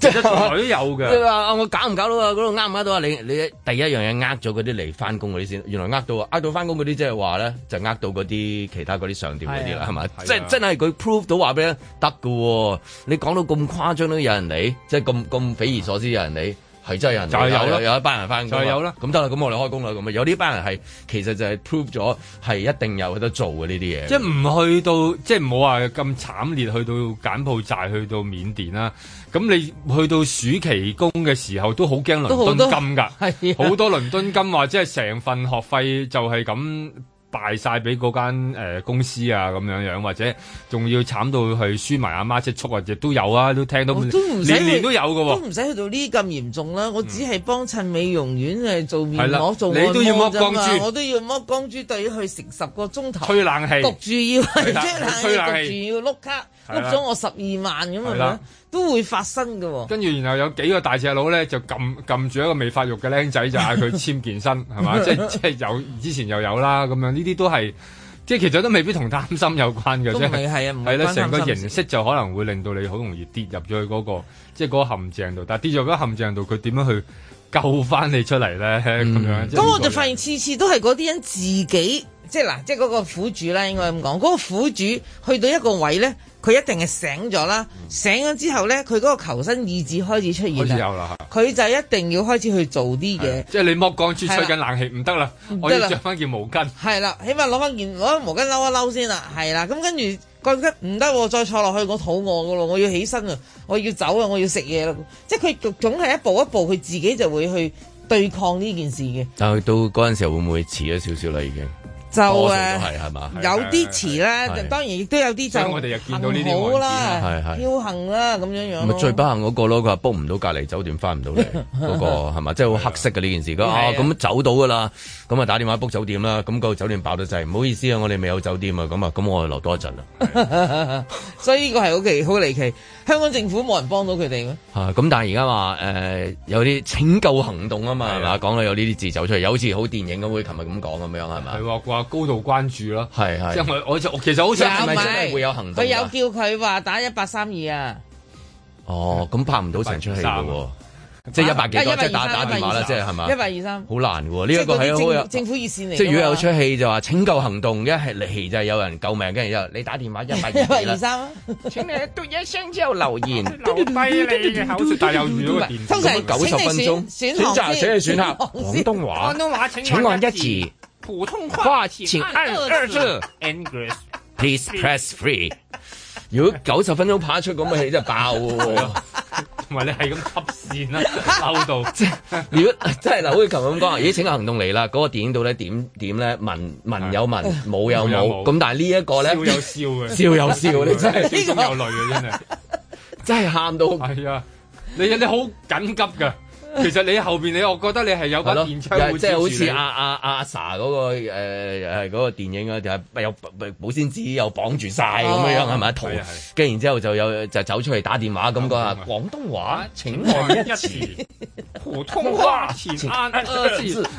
即係個個都有嘅、啊，你、啊、話我搞唔搞到啊？嗰度呃唔呃到啊？你你第一樣嘢呃咗嗰啲嚟翻工嗰啲先，原來呃到,到,到啊？呃到翻工嗰啲即係話咧，就呃到嗰啲其他嗰啲上店嗰啲啦，係咪、哦？即係真係佢 prove 到話俾你，得㗎。你講到咁誇張都有人嚟，即係咁咁匪夷所思有人嚟。係真係人，就係有咯，有一班
人翻工，就有咯。
咁得啦，咁我哋開工啦。咁啊，有呢班
人係其實就係 prove 咗係一定有得做嘅呢啲嘢。即係唔去到，即唔好話咁慘烈，去到柬埔寨、去到緬甸啦。咁你去到暑期工嘅時候，都好驚倫敦金㗎，好多，好多倫敦金話的，即係成份學費就係咁。敗晒俾嗰間誒公司啊，咁樣樣或者仲要慘到去輸埋阿媽積蓄啊，亦都有啊，都聽到年年都有嘅。都唔
使去到呢咁嚴重啦，我只係幫襯美容院誒做面膜做按摩咋嘛。我都要剝光豬，我都要剝光豬，對於去成十個鐘頭，焗住要吹冷氣，焗住要碌卡碌咗我十二萬咁啊！都會發生㗎喎、哦，
跟住然後有幾個大隻佬咧就撳撳住一個未發育嘅僆仔就嗌佢簽健身係嘛， 即即係有之前又有啦咁樣，呢啲都係即係其實都未必同擔心有關嘅啫，係啦，成個形式就可能會令到你好容易跌入咗去嗰、嗰個即係嗰個陷阱度，但係跌咗入個陷阱度，佢點樣去？救翻你出嚟咧，咁樣。咁、mm、我就發現
次次都係嗰啲人自己，即係嗱，即係嗰個苦主啦，應該咁講。嗰、嗰個苦主去到一個位咧，佢一定係醒咗啦。醒咗之後咧，佢嗰個求生意志開始出現啦。佢就一定要開始去做啲嘢、啊。即
係你剝光豬吹緊冷氣唔得啦，我要着翻件毛巾 gli
ja。係啦，起碼攞翻件攞毛巾褸一褸先啦。係啦，咁跟住。覺得唔得，我再坐落去，我肚餓㗎喇，我要起身啊，我要走啊，我要食嘢啦，即係佢總係一步一步，佢自己就會去對抗呢件事嘅。
但係到嗰陣時候會唔會遲咗少少啦？已經。
就誒係係嘛，有啲遲咧，當然亦都有啲就行唔到呢係係僥倖啦咁樣樣。咪最不幸
嗰個咯，佢話 book 唔到隔離酒店，翻唔到嚟嗰個係嘛？即係好黑色嘅呢件事。咁啊咁走到噶啦，咁啊打電話 book 酒店啦，咁個酒店爆到滯，唔好意思啊，我哋未有酒店啊，咁啊咁我哋留多一陣啦。
所以呢個係好奇好離奇，香港政府冇人幫到佢哋
咁，但係而家話誒有啲拯救行動啊嘛，係嘛，講到有呢啲字走出嚟，又好似好電影咁，會琴日咁講咁樣係嘛？高度關注咯，係係，即係我
我其實好想，係
咪真係會有行動？佢有
叫佢話打一八三二啊。
哦，咁拍唔到成出戲嘅喎，即係一百幾蚊即打打電話啦，即係係嘛？一百二三，好難喎。呢一個係好有政
府熱線嚟。即係如果有
出戲就話請救行動一係嚟就有人救命，跟住之後你打電話一百二三啦。請
你讀一聲之後留言留低你嘅大有語料。收緊九十分鐘，選擇寫嘅選項，廣東話，廣東話請按一字。普通話，請按二字。English，
請 press free。如果九十分鐘拍出咁嘅戲，就係爆。同
埋你係咁吸線啦、啊，嬲到即係。
如果真係嗱，好似琴日咁講啊，而家，請個行動嚟啦！嗰、那個電影到底點點咧？文文有文，冇有冇。咁 武但係呢一個咧，笑有
笑嘅，笑有笑。你真係呢個有淚呀真係，真係喊到。係啊，你你好緊急噶。其實你後邊你，我覺得你係有把電槍即係好似阿
阿阿 sa 嗰個誒係嗰個電影啊，就係有保鮮紙又綁住晒咁樣，係咪一套？跟然之後就有就走出嚟打電話咁講啊！廣東話請講
一次，普通話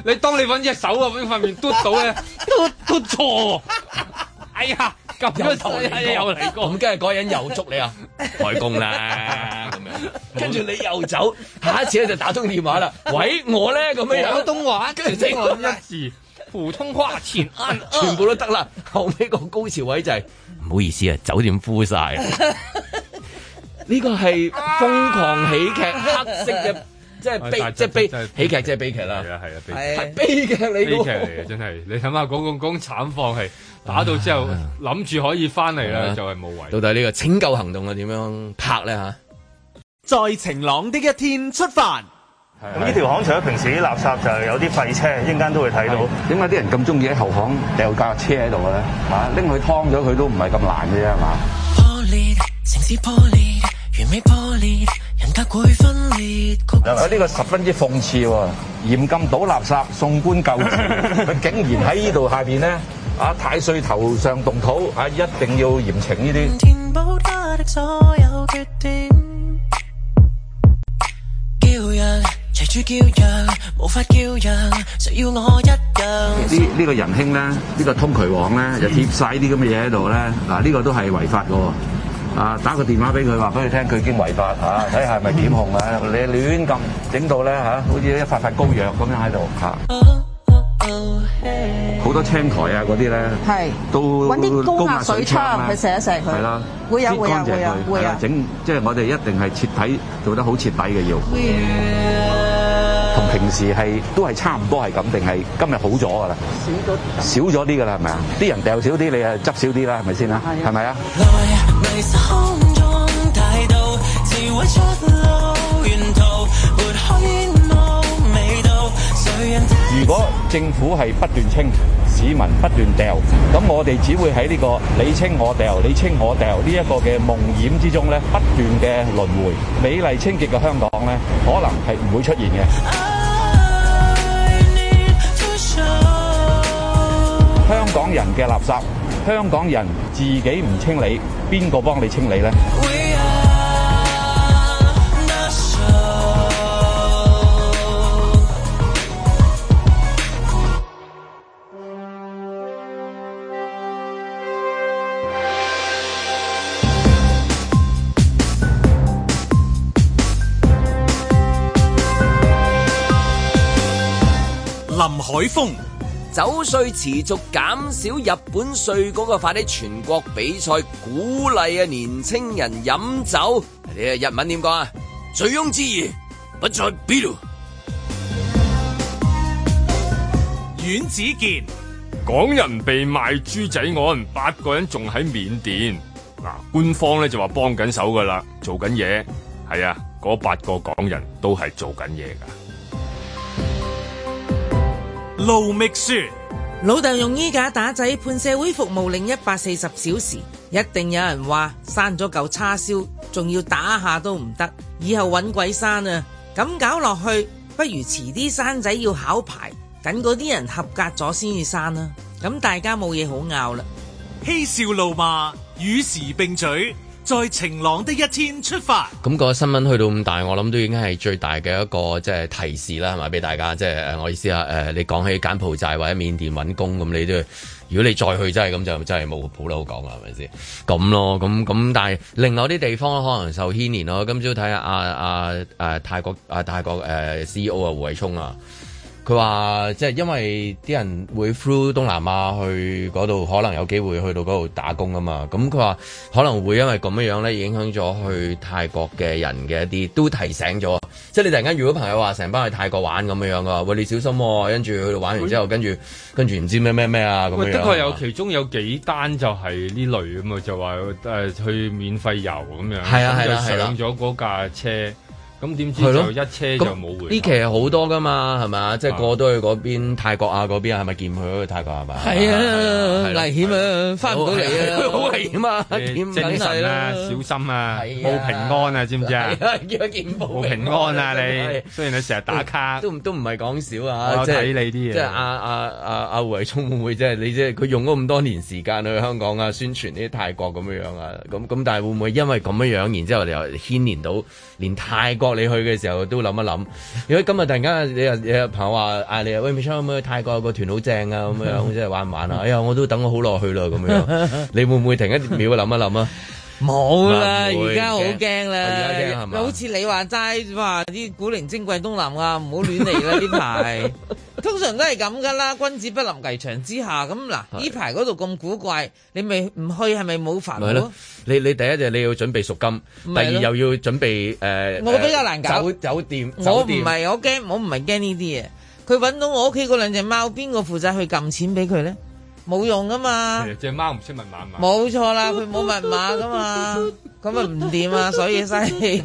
你當你揾隻手啊，揾塊面嘟到咧，
嘟嘟錯！
哎呀，咁又嚟過，
咁跟住嗰人又捉你啊！
開工啦！跟住你又走，
下一次咧就打通電話啦。喂，我咧咁樣，廣東話跟住整我一
字，
普通話前全部都得啦。後尾個高潮位就係唔好意思啊，酒店枯晒。呢個係瘋狂喜劇，黑
色嘅，
即係悲，即係悲喜劇，即係悲劇啦。係啊係啊，係悲劇嚟嘅，悲劇嚟嘅真係。你睇下講講講慘況，係打到之後諗住可以翻嚟啦，就係冇位。
到底呢個拯救行動啊，點樣拍咧吓？
在晴朗的一天
出發。
咁呢條巷除咗平時啲垃圾，就有啲廢車，一陣間都會睇到。點解啲人咁中意喺後巷掉架車喺度嘅咧？拎佢劏咗佢都唔係咁難嘅啫嘛。
破裂，城市破裂，完美破裂，人格會分裂。
有呢、啊這個十分之諷刺喎！嚴禁倒垃圾，送官救治，佢竟然喺呢度下邊咧，啊太歲頭上動土，啊一定要嚴懲呢
啲。叫叫法要我一
呢呢個人兄咧，呢、呢個通渠王咧，就貼晒啲咁嘅嘢,喺度咧，嗱、這、呢個都係違法噶，啊打個電話俾佢，話俾佢聽，佢已經違法，啊睇下係咪檢控啊，你亂咁整到咧吓，好似一發發膏藥咁樣喺度。啊好多青苔啊，嗰啲咧，係，都揾啲高壓水槍去射一射佢，係啦，會有會啊會啊，整，即係我哋一定係徹底做得好徹底嘅要，同平時係都係差唔多係咁，定係今日好咗噶啦，少咗少咗啲噶啦，係咪啊？啲人掉少啲，你係執少啲啦，係咪先啊？係咪啊？
如果。
政府係不斷清，市民不斷掉，咁我哋只會喺呢個你清我掉，你清我掉呢一個嘅夢魘之中咧，不斷嘅輪迴，美麗清潔嘅香港咧，可能係唔會出現嘅。I
need to show
香港人嘅垃圾，香港人自己唔清理，邊個幫你清理呢？
林海峰，酒稅持續減少，日本稅局嘅快啲全國比賽，鼓勵啊年青人飲酒。你啊日文點講啊？醉翁之意
不在ビール。阮子健，港人被賣豬仔案，八個人仲喺緬甸，嗱、啊，官方咧就話幫緊手噶啦，做緊嘢。係啊，嗰八個港人都係做緊嘢噶。
盧覓雪。老豆用衣架打仔，判社會服務令一百四十小時，一定有人話生咗嚿叉燒，仲要打下都唔得，以後揾鬼生啊！咁搞落去，不如遲啲生仔要考牌，等嗰啲人合格咗先至生啊。咁大家冇嘢好拗啦，嬉笑怒罵與時
並舉。在晴朗的一天出發。
咁個新聞去到咁大，我諗都已經係最大嘅一個即係、就是、提示啦，係咪？俾大家即係、就是、我意思啊。誒、呃，你講起柬埔寨或者緬甸揾工，咁你都，如果你再去真係咁就真係冇好講啦，係咪先？咁咯，咁咁，但係另外啲地方可能受牽連咯。今朝睇下阿阿誒泰國啊，泰國誒 CEO 啊，胡偉聰啊。佢話即係因為啲人會 through 東南亞去嗰度，可能有機會去到嗰度打工啊嘛。咁佢話可能會因為咁樣咧影響咗去泰國嘅人嘅一啲，都提醒咗。即係你突然間如果朋友話成班去泰國玩咁樣嘅話，喂你小心喎、喔。跟住去嗰度玩完之後，會跟住跟住唔知咩咩咩啊咁樣。的確
有其中有幾單就係呢類咁啊，就話誒、呃、去免費遊咁樣，係啊係啊，係啦，上咗嗰架車。咁點、啊、知就
一車就冇回？呢期係好多噶嘛，係嘛？即係過到去嗰邊泰國啊嗰邊，係咪見
佢去泰國啊嘛？
係啊，
啊危險啊，翻唔到嚟啊，好、啊啊、危險啊！啊精神啊，
小心啊，保吧平安啊，知唔知啊？見一見保平安啊你。是雖然你成日打卡，嗯、都都唔係講少啊，即係、啊就是、你啲，嘢、就是。即係阿阿
阿阿偉聰會唔會即係你即係佢用咗咁多年時間去香港啊宣傳啲泰國咁樣樣啊？咁咁但係會唔會因為咁樣樣，然之後又牽連到連泰國？你去嘅時候都諗一諗，如果今日突然間你又你有朋友話嗌、啊、你喂，唔錯，唔好去泰國個團好正啊咁樣，即係玩唔玩啊？ 哎呀，我都等咗好耐去啦咁樣， 你會唔會停一秒諗一諗啊？
冇啦，而家好驚啦，好似你話齋話啲古靈精怪東南亞，唔好亂嚟啦！呢 排通常都係咁噶啦，君子不臨危牆之下。咁嗱，呢是排嗰度咁古怪，你咪唔去係咪冇煩惱？
你你第一就你要準備贖金，第二又要準備誒，呃、我比較難搞酒，酒店。
酒店我唔係我驚，我唔係驚呢啲嘢，佢搵到我屋企嗰兩隻貓，邊個負責去撳錢俾佢咧？冇用㗎嘛，
隻貓唔識密碼嘛，
冇錯啦，佢冇密碼㗎嘛。 咁咪唔掂啊！所以嘥氣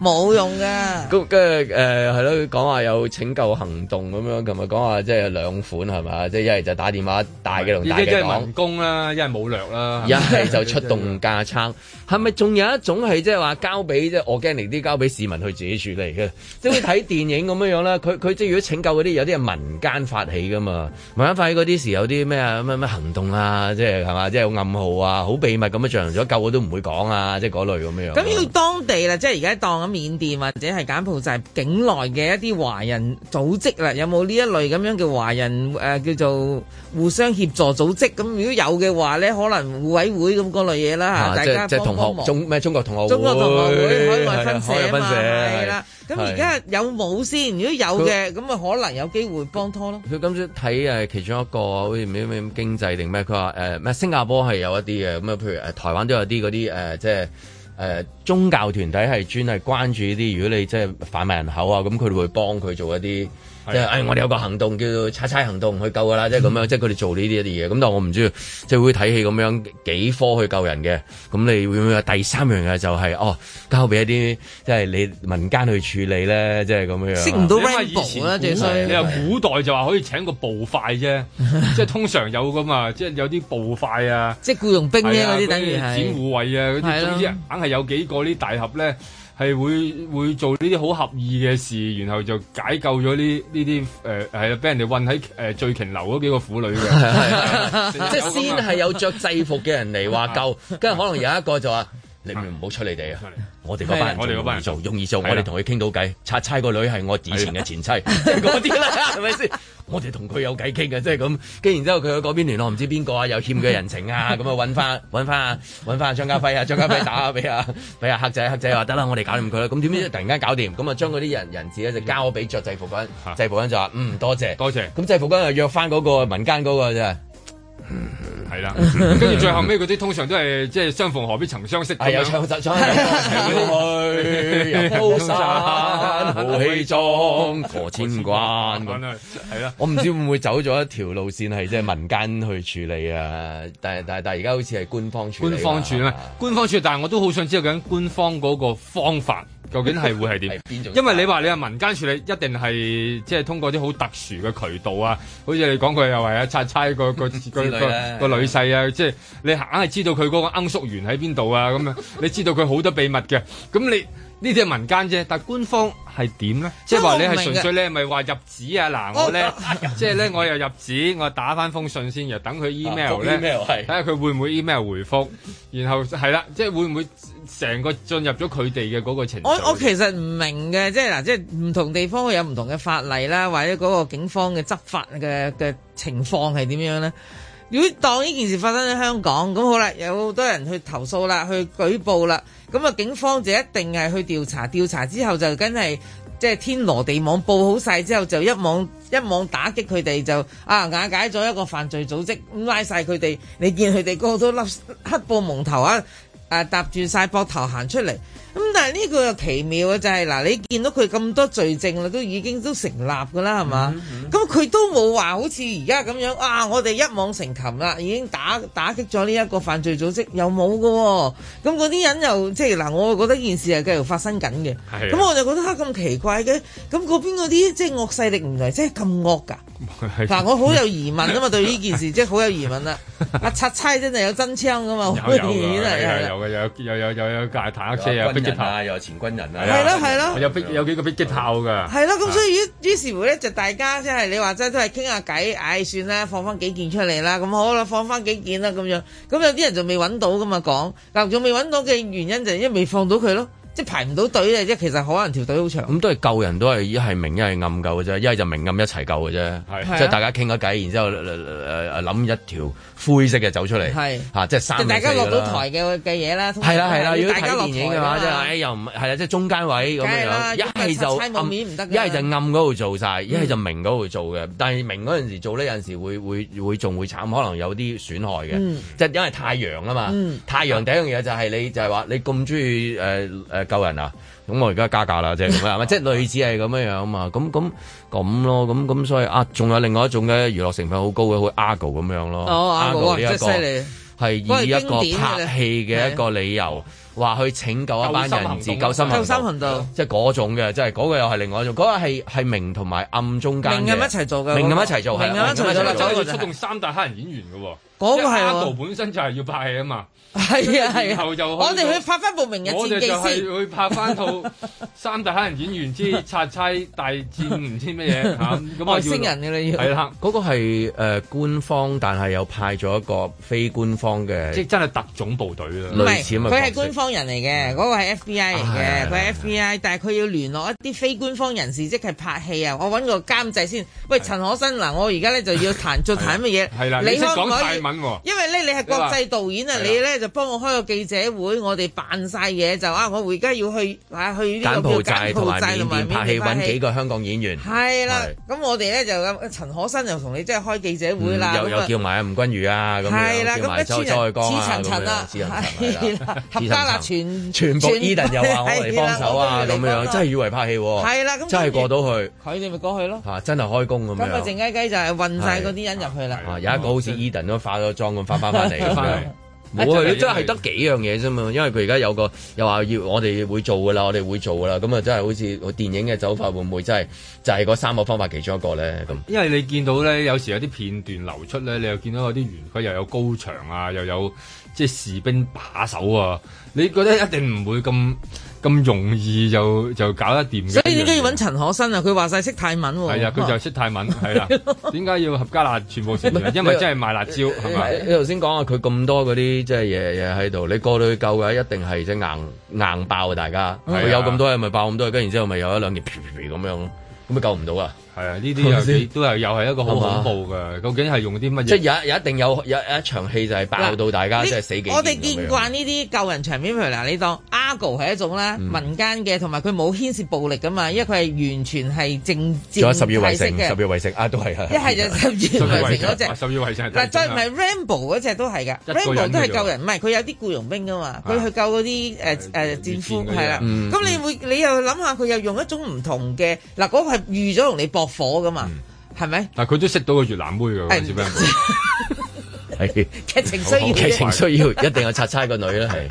冇用嘅。
跟住誒係咯，講話有拯救行動咁樣，琴日講話即係有兩款係嘛？即係一係就打電話大嘅同大嘅講，一係即係民
工啦，一係冇略啦，一係就出動
架撐。係咪仲有一種係即係話交俾即係我驚啲交俾市民去自己處理嘅？即係睇電影咁樣樣啦。佢佢即係如果拯救嗰啲有啲係民間發起噶嘛？民間發起嗰啲時有啲咩啊咩咩行動啊，即係係嘛？即係暗號啊，好秘密咁樣進行咗救我都唔會。去講啊，即係嗰類咁樣。咁要
當地啦，即係而家當喺緬甸或者係柬埔寨境內嘅一啲華人組織啦，有冇呢一類咁樣嘅華人誒、呃，叫做互相協助組織？咁如果有嘅話咧，可能互委會咁嗰類嘢啦吓，大家幫幫忙。啊、即係同學中咩？
中國同學會，中國同學會海外分社啊係啦。的咁而家
有冇先？如果有嘅，咁啊佢可能有機會幫拖咯。佢今朝睇
誒其中一個，好似咩咩經濟定咩？佢話誒，咩、呃、新加坡係有一啲嘅咁啊，譬如誒台灣都有啲嗰啲誒，即係誒、呃、宗教團體係專係關注啲，如果你即係販賣人口啊，咁佢會幫佢做一啲。即係、哎，我哋有個行動，叫做差差行動去救噶啦，即係咁樣，即係佢哋做呢啲一啲嘢。咁但係我唔知，即係會睇戲咁樣幾科去救人嘅。咁你會唔會有第三樣嘅就係、是，哦，交俾一啲即係你民間去處理咧，即係咁樣。識唔
到 Rambo 啦你話古，
古代就話可以請個步快啫， 即係通常有噶嘛，即係有啲步快啊。 即係僱傭兵咧嗰啲，啊、等於係。展護衛啊嗰啲，總之硬係的對吧 有幾個啲大俠咧。係會會做呢啲好合意嘅事，然後就解救咗呢呢啲誒係啊，俾、呃、人哋困喺誒醉瓊樓嗰幾個婦女嘅，即係先係有着制服嘅人嚟話救，
跟住 可能有一個就話、是。你咪唔好出你哋啊！
我哋嗰班，我哋嗰班人做，容易做，我哋同佢傾
到計，拆差個女係我以前嘅前妻，嗰啲啦，係咪先？我哋同佢有偈傾嘅，即係咁跟然之後佢去嗰邊聯絡唔知邊個啊，又欠佢人情啊，咁啊搵翻，搵翻，搵翻張家輝啊，張家輝打下俾啊，俾啊黑仔，黑仔話得啦，我哋搞掂佢啦。咁點知突然間搞掂，咁啊將嗰啲人人質咧就交俾着制服軍，制服軍就話，嗯，多謝多謝。咁制服嗰人又約
翻嗰個民間嗰個真係啦，跟住、 嗯、 最後尾嗰啲通常都係即係相逢何必曾相識，係啊、哎，有唱實咗去高山，豪氣壯，過千關，係啦千樣， 我唔知會唔會走咗
一條路線係即係民間去處理啊，但係但係但係而家好似係官方處官方處理，官
方處，啊、官方處但係我都好想知道究竟官方嗰個方法。 究竟係會係點？ 邊種因為你話你係民間處理，一定係即係通過啲好特殊嘅渠道啊，好似你講佢又係啊，拆差 的個個個女婿啊，即係你硬係知道佢嗰個罌粟園喺邊度啊，咁 樣你知道佢好多秘密嘅。咁你呢啲係民間啫，但係官方係點咧？即係話你係純粹咧，咪話入紙啊？嗱、啊，哦、我咧即係咧，啊、我又入紙，我打翻封信先，又等佢 email 咧、啊，睇下佢會唔會 email 回覆，然後係啦，即係會唔會？成個進入咗佢哋嘅嗰個情況，我我
其實唔明嘅，即係嗱，即係唔同地方有唔同嘅法例啦，或者嗰個警方嘅執法嘅嘅情況係點樣呢？如果當呢件事發生喺香港，咁好啦，有好多人去投訴啦，去舉報啦，咁啊警方就一定係去調查，調查之後就梗係即係天羅地網，報好晒之後就一網一網打擊佢哋，就啊瓦解咗一個犯罪組織，咁拉曬佢哋，你見佢哋個個都笠黑布蒙頭啊！啊！搭住晒膊頭行出嚟咁、嗯，但係呢個又奇妙嘅就係、是、嗱，你見到佢咁多罪證啦，都已經都成立噶啦，係嘛？咁佢、嗯嗯嗯、都冇話好似而家咁樣啊！我哋一網成擒啦，已經打打擊咗呢一個犯罪組織，又冇噶喎。咁嗰啲人又即係嗱，我覺得件事係繼續發生緊嘅。咁的、嗯、我就覺得咁奇怪嘅，咁嗰邊嗰啲即係惡勢力唔係，真係咁惡㗎。嗱，我好有,有疑問啊嘛，對呢件事即係好有疑問啦。阿拆差真係有真槍噶嘛？有啦，有
有有有有架坦克車有迫擊炮啊，有前軍人啊，係咯係咯，有、啊、有，有幾個迫擊炮㗎。係咯，咁所以
於,於,於是乎咧，就大家即係你話即係都係傾下偈。唉，算啦，放翻幾件出嚟啦。咁好啦，放翻幾件啦咁樣。咁有啲人就未揾到噶嘛講，嗱，仲未揾到嘅原因就係因為未放到佢咯。即排唔到隊嘅，即其實可能條隊好長。
咁都係救人，都係一係明一係暗救嘅啫，一係就明暗一齊救嘅啫。即係大家傾下偈，然之後誒諗一條灰色嘅走出嚟。即係大家落到台
嘅嘅嘢啦。係啦係啦，如果睇電影嘅話，即誒又唔
係係啦，即係中間位咁樣，一係就暗面唔得，一係就暗嗰度做晒，一係就明嗰度做嘅。但係明嗰陣時做呢，有陣時會會會仲會慘，可能有啲損害嘅。即係因為太陽啊嘛，太陽第一樣嘢就係你，就係話你咁中意誒誒。救人啊！咁我而家加價啦，即係咁啦，即係類似係咁樣樣啊嘛！咁咁咁咯，咁咁所以啊，仲有另外一種嘅娛樂成分好高嘅，好似 Argo 咁樣咯。Argo 啊，真犀利！係以一個拍戲嘅一個理由，話去拯救一班人，自救救生行動，即係嗰種嘅，即係嗰個又係另外一種。嗰個係明同埋暗中間明咁一齊做嘅，明咁一齊做。明咁一齊做，
可以出
動三大黑人演員嘅喎。嗰個係喎，本身就係要拍戲啊嘛。係啊，然後就我哋去
拍翻部《明日戰記》先。
去拍翻套三大黑人演員之拆差大戰唔知乜嘢嚇，咁外星人嘅我要。係啦，
嗰個係
誒官方，但係又派咗一個非官方嘅，即真係特種部隊啦。唔係，佢係官
方人嚟嘅，嗰個係 FBI 嚟嘅，佢係 FBI，但係佢要聯絡一啲非官方人士，即係拍戲啊。我揾個監製先，喂，陳可辛嗱，我而家咧就要談，再談乜嘢？係啦，你先講泰文喎，因為咧你係國際導演啊，你咧。就幫我開個記者會，我哋辦晒嘢，就啊，我回家要去啊去柬埔寨同埋緬甸拍戲，揾幾個
香港演員，係啦。
咁我哋咧就咁，陳可辛又同你即係開記者會啦。又有叫
埋啊吳君如啊，咁係啦。咁一鄒鄒玉剛啊，陳陳啊，陳陳
啊，合家啊，全全部伊頓又話可以幫手啊，咁樣樣真係以
為拍戲，係啦。咁真係過到去，
佢哋咪過去咯。
吓，真係開工咁樣。咁啊靜
雞雞就係混晒嗰啲人入去啦。有一
個好似伊頓都化咗妝咁翻翻翻嚟咁樣。冇唉真係得幾樣嘢啫嘛，因為佢而家有個又話要我哋會做噶啦，我哋會做噶啦，咁啊真係好似電影嘅走法，會唔會真係就係嗰三個方法其中一個咧？咁
因為你見到咧，有時有啲片段流出咧，你又見到有啲園區又有高牆啊，又有即士兵把守啊，你覺得一定唔會咁？咁容易就就搞得掂嘅，
所以點解要揾陳可辛啊？佢話晒識泰文喎。哦，係啊，佢就識
泰文
係啦。
點解 要合家辣全部食啊？因為真係
賣辣椒係
咪？你頭先講啊，佢咁多嗰啲即係嘢嘢喺度，你過到去救嘅話一定係即硬硬爆啊！大家佢 有咁多，多嘢咪爆咁多嘢，跟住之後咪有一兩條咁樣咯，咁咪救唔到啊！係啊，呢啲又都係又係一個好恐怖嘅，究竟係用啲乜嘢？即係一定有有一場戲就係爆到大家即係死，我哋見慣呢
啲救人場面，譬如嗱，你當 Argo 係一種咧民間嘅，同埋佢冇牽涉暴力㗎嘛，因為佢係完全係政治體制嘅。十月圍城啊，都係一係就十月
圍城只，十月圍
城嗱，再唔係 Rambo 嗰隻都係㗎，Rambo 都係救人，唔係佢有啲僱傭兵㗎嘛，佢去救嗰啲誒誒戰俘係啦。咁你會你又諗下佢又用一種唔同嘅嗱，嗰個係預咗同你搏。火噶嘛，係咪？
但佢都識到個越南妹噶，
唔知邊個。係劇情需要，劇情需要，
一
定有拆差個女
啦，係。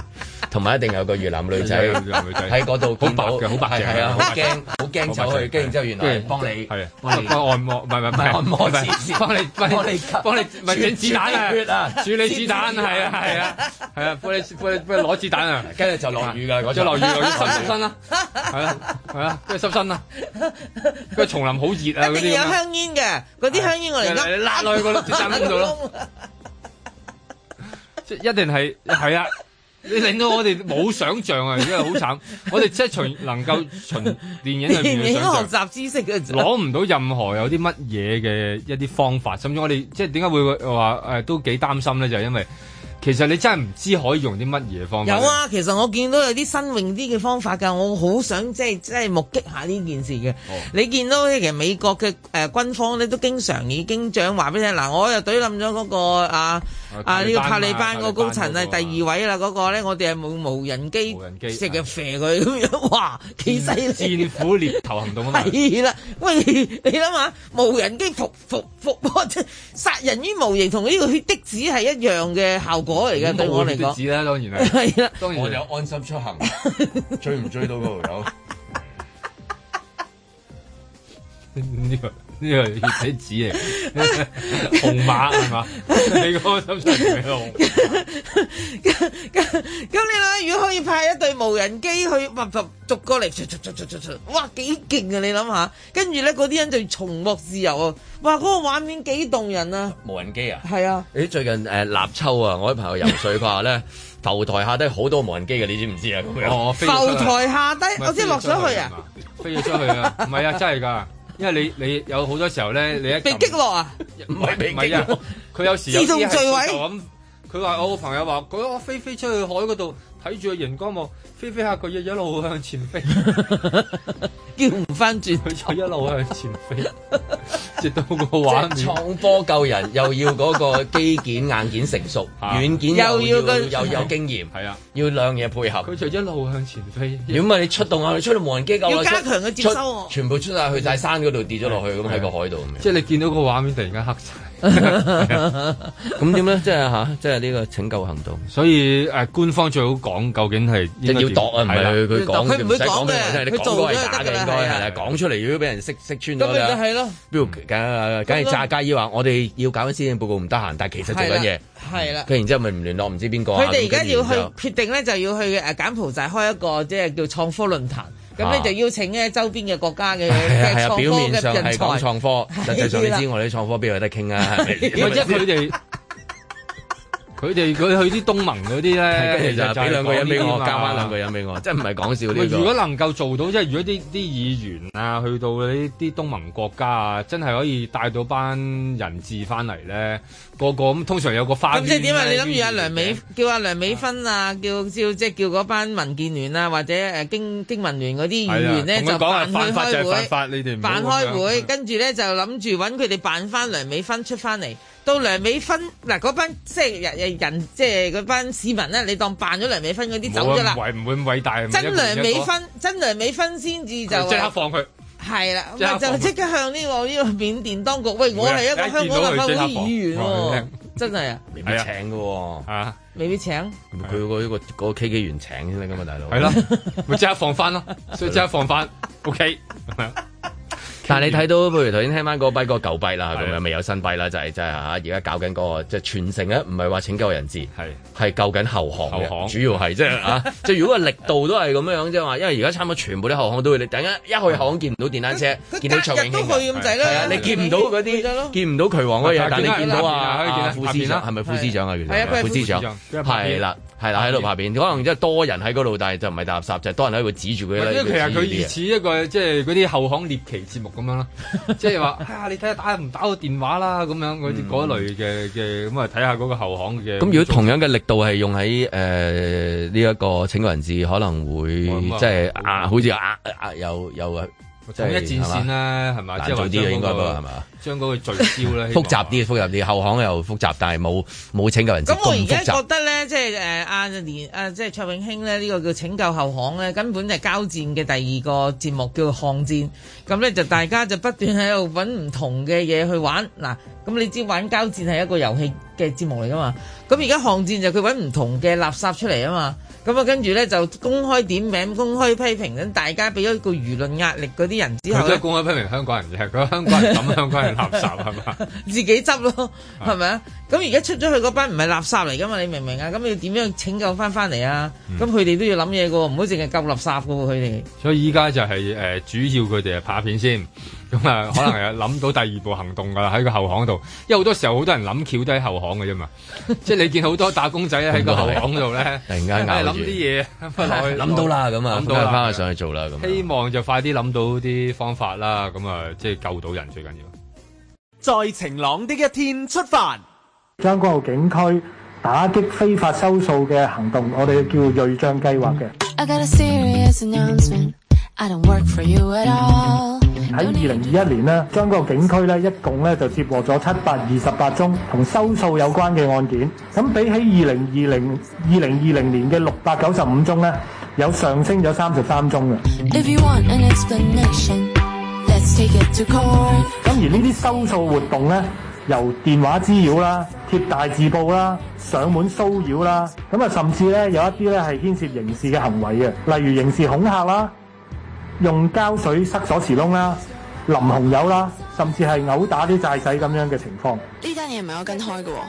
同埋一定有個越南女仔喺嗰度，好白嘅，好白淨，係啊，好驚，
好驚就去，跟住之後原來幫你，係啊，幫你按摩，唔係唔係按摩，唔係幫你幫你幫你埋轉子彈啊，處理子彈，係啊係啊係啊，幫你幫你幫你攞子彈啊，跟住就落雨㗎，嗰日落雨，濕身啦，係啦係啊，跟住濕身啦，嗰個叢林好熱啊，嗰啲有香
煙嘅，嗰啲香煙我哋都揦落去個樹蔭度咯，
即一定係係啊。你令到我哋冇想象啊，因為好慘！ 我哋即係從能夠從電影入面去想象，你學習知識攞唔到任何有啲乜嘢嘅一啲方法，甚至我哋即係點解會話誒都幾擔心咧？就係、是、因為其實你真係唔知可以用啲乜嘢方法。有啊，
其實我見到有啲新穎啲嘅方法噶，我好想即係即係目擊下呢件事嘅。哦、你見到其實美國嘅誒軍方咧都經常已經講話俾你聽，嗱，我又懟冧咗嗰個啊。啊！呢、這個塔利班個高層啊，層第二位啦，嗰、那個咧，我哋係冇無人機成日射佢咁樣，哇，幾犀利！戰斧獵頭行動啊嘛，係啦，喂，你諗下，無人機伏伏伏波，即殺人於無形，同呢個血滴子係一樣嘅效果嚟嘅，對我嚟講，滴子啦，當然係，
係啦了，當然，當然我有安心出行，
追唔追到嗰條友？你 呢個血紙嚟， 紅馬係嘛？你個 心上
邊係紅。咁你諗如果可以派一隊無人機去，噗噗逐個嚟，唰哇幾勁啊！你諗下，跟住咧嗰啲人就重獲自由啊！哇，嗰、嗰個畫面幾動人啊！無人機啊？係啊！
咦，最近誒、呃、立秋啊，我啲朋友游水話咧，浮 台
下低好多無人機嘅，你知唔知啊？那
個、哦，飛浮台
下低，是我先落水去啊，飛咗出去啊，唔係啊， 啊，啊，真
係㗎。因為你你有好多時候呢，你一被擊
落啊，
唔係是 是被擊落，佢有時自動墜毀。佢話 我個朋友話：佢飛飛出去海嗰度。睇住個螢光幕，飛飛下佢一一路向前飛，叫唔翻轉，佢就一路向前飛，直到個畫面。創科救
人又要嗰個機件硬件成熟，軟件又要又有經驗，係啊，要兩嘢配合。佢就一路向前飛，如果唔係你出動啊，你出到無人機救，要加強嘅接收，全部出晒去曬山嗰度跌咗落去，咁喺個海度，即係你見到個畫面突然間黑曬。
咁點咧？即係吓，即係呢個拯救行動。所以誒，官方最好講究竟係即係要度啊，唔係佢，佢講佢唔使講
咩，即係佢做都係假嘅，應該係講出嚟。如果俾人識識穿咗，咁就係咯。不如梗係梗係詐假意話，我哋要搞份施政報告唔得閒，但係其實做緊嘢。
係啦，佢
然之後咪唔聯絡唔知邊個。佢哋而家要去
決定咧，就要去誒柬埔寨開一個即係叫創科論壇。咁你就邀請呢周邊嘅國家嘅，表面上係講創科。
實際上你知我哋啲創科邊度有得傾啊？因為佢哋。
佢哋佢去啲東盟嗰啲咧， 其實
就俾兩個人俾我，交翻兩個人俾我，即係唔係講笑啲。 如果
能夠做到，即係如果啲啲議員啊，去到呢啲啲東盟國家啊，真係可以帶到班人質翻嚟咧，個個咁通常有個花。咁、嗯、即係點啊？你諗住阿梁
美叫阿梁美芬啊，叫叫即係叫嗰班民建聯啊，或者誒經經民聯嗰啲議員咧，啊、講就辦開會，反法就反法呢
啲，辦開會，
跟住咧就諗住揾佢哋辦翻梁美芬出翻嚟。 到梁美芬嗱，嗰班即係人人即係嗰班市民咧，你當扮咗梁美芬嗰啲走咗啦，喂，
唔會咁偉大。真梁美芬，
真梁美芬先至就即刻放佢。係啦，咪就即刻向呢個呢個緬甸當局，喂，我係一個香港立法會嘅議員，真係啊，未必
請嘅喎，係啊，
未必請。
佢個一個嗰個 K K 員請先得㗎嘛，大佬。係咯，
咪即刻放翻咯，所以即刻放翻，O K。
但你睇到，譬如頭先聽翻個幣個舊幣啦，咁樣未有新幣啦，就係真係嚇，而家搞緊嗰個即係全城咧，唔係話拯救人士，係係救緊後巷。後巷主要係即係嚇，即係如果個力度都係咁樣即係話，因為而家差唔多全部啲後巷都會，你等一一去巷見唔到電單車，見到坐都去咁滯，你見唔到嗰啲，見唔到渠王嗰嘢，但你見到啊副司長，係咪副司長啊？原來副司長係啦。係啦，喺度下邊，可能即係多人喺嗰度，但係就唔係搭垃圾，就係，多人喺度指住佢，因為其實佢類似一個即係嗰
啲後巷獵奇節目咁樣啦，即係話，哎呀你睇下打唔打個電話啦，咁樣嗰啲類嘅嘅，咁啊睇下嗰個後巷嘅。咁如果
同樣嘅力度係用喺誒呢一個請個人治，可能會即係啊，好似啊
啊有、啊、有、有
一戰線線啦，係嘛？難做啲應該噃係嘛？
將嗰個聚焦咧，複
雜啲，複雜啲，後巷又複雜，但係冇冇拯救人。咁我而家覺
得咧，即係誒阿連誒即係卓永興咧，呢、呢個叫拯救後巷咧，根本就係膠戰嘅第二個節目，叫做「巷戰」。咁咧就大家就不斷喺度揾唔同嘅嘢去玩嗱。咁你知玩膠戰係一個遊戲嘅節目嚟㗎嘛？咁而家巷戰就佢揾唔同嘅垃圾出嚟啊嘛！咁啊，跟住咧就公開點名、公開批評，咁大家俾咗個輿論壓力嗰啲人之後，即係公
開批評香港人就係，佢香港人咁， 香港人垃，垃圾係嘛？
吧自己執咯，係咪啊？咁而家出咗去嗰班唔係垃，垃圾嚟噶嘛？你明唔明啊？咁要點樣拯救翻翻嚟啊？咁佢哋都要諗嘢噶喎，唔好淨係救垃圾噶喎，佢哋。
所以依家就係、是、誒、呃，主要佢哋係拍片先。咁啊， 可能又諗到第二步行動噶啦，喺個後巷度，因為好多時候好多人諗橋都喺後巷嘅啫嘛，即係你見好多打工仔喺個後巷度咧， 突然間諗啲嘢，去諗到啦咁啊，翻去上去做啦咁。希望就快啲諗到啲方法啦，咁啊，即係救到人最緊要。
在晴朗的一天
出發，將嗰個景區打擊非法收數嘅行動，我哋叫瑞章計劃嘅。
I got
喺二零二一年呢，將嗰個警區咧一共咧就接獲咗七百二十八宗同收數有關嘅案件。咁比起二零二零二零二零年嘅六百九十五宗咧，有上升咗三十三宗嘅。咁而呢啲收數活動咧，由電話滋擾啦、貼大字報啦、上門騷擾啦，咁啊甚至咧有一啲咧係牽涉刑事嘅行為嘅，例如刑事恐嚇啦。用膠水塞鎖匙窿啦，淋紅油啦，甚至係毆打啲債仔咁樣嘅情況。
呢單嘢唔係我跟開嘅哦。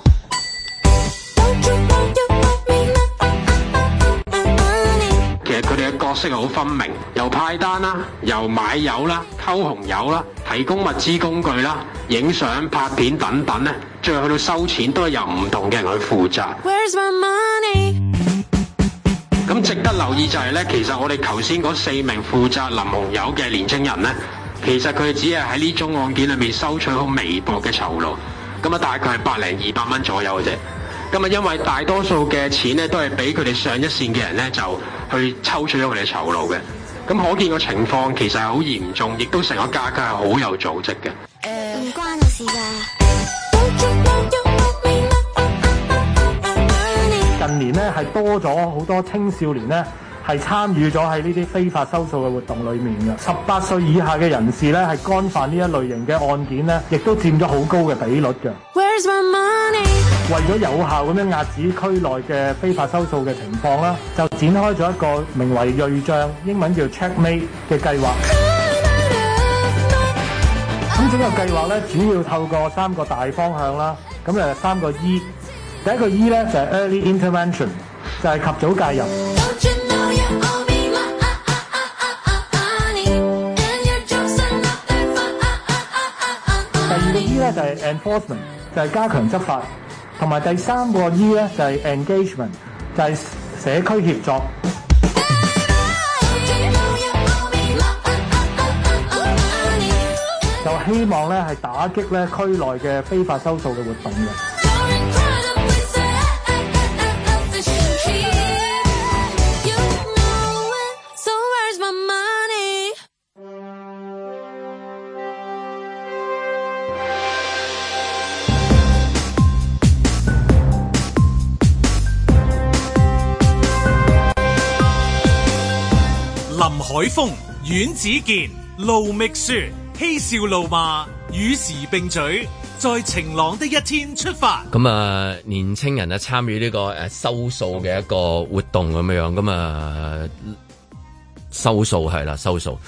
其
實佢哋嘅角色好分明，由派單啦，又買油啦，溝紅油啦，提供物資工具啦，影相拍片等等咧，最後去到收錢都係由唔同嘅人去負責。
Where's my money?
咁值得留意就係咧，其實我哋頭先嗰四名負責淋紅油嘅年青人咧，其實佢只係喺呢宗案件裏面收取好微薄嘅酬勞，咁啊，大概係百零二百蚊左右嘅啫。咁啊，因為大多數嘅錢咧都係俾佢哋上一線嘅人咧就去抽取咗佢哋嘅酬勞嘅，咁可見個情況其實係好嚴
重，亦都成個價格係好有組織嘅。誒、呃，唔關事㗎。
近年咧係多咗好多青少年咧係參與咗喺呢啲非法收數嘅活動裡面嘅，十八歲以下嘅人士咧係干犯呢一類型嘅案件咧，亦都佔咗好高嘅比率
嘅。
為咗有效咁樣壓止區內嘅非法收數嘅情況啦，就展開咗一個名為鋭將（英文叫 Checkmate） 嘅計劃。咁整個計劃咧主要透過三個大方向啦，咁誒三個 E。第一個 E 咧就係 Early Intervention，就係及早介入。
第二個 E
咧就係 Enforcement，就係加強執法，同埋第三個 E 咧就係 Engagement，就係社區協作。就希望咧係打擊咧區內嘅非法收數嘅活動嘅。
海風、阮子健、盧覓雪、嬉笑怒罵、與時並舉，在晴朗的一天出發。
咁啊，年青人啊、這個，參與呢個誒收數嘅一個活動咁樣樣，咁啊收數係啦，收數、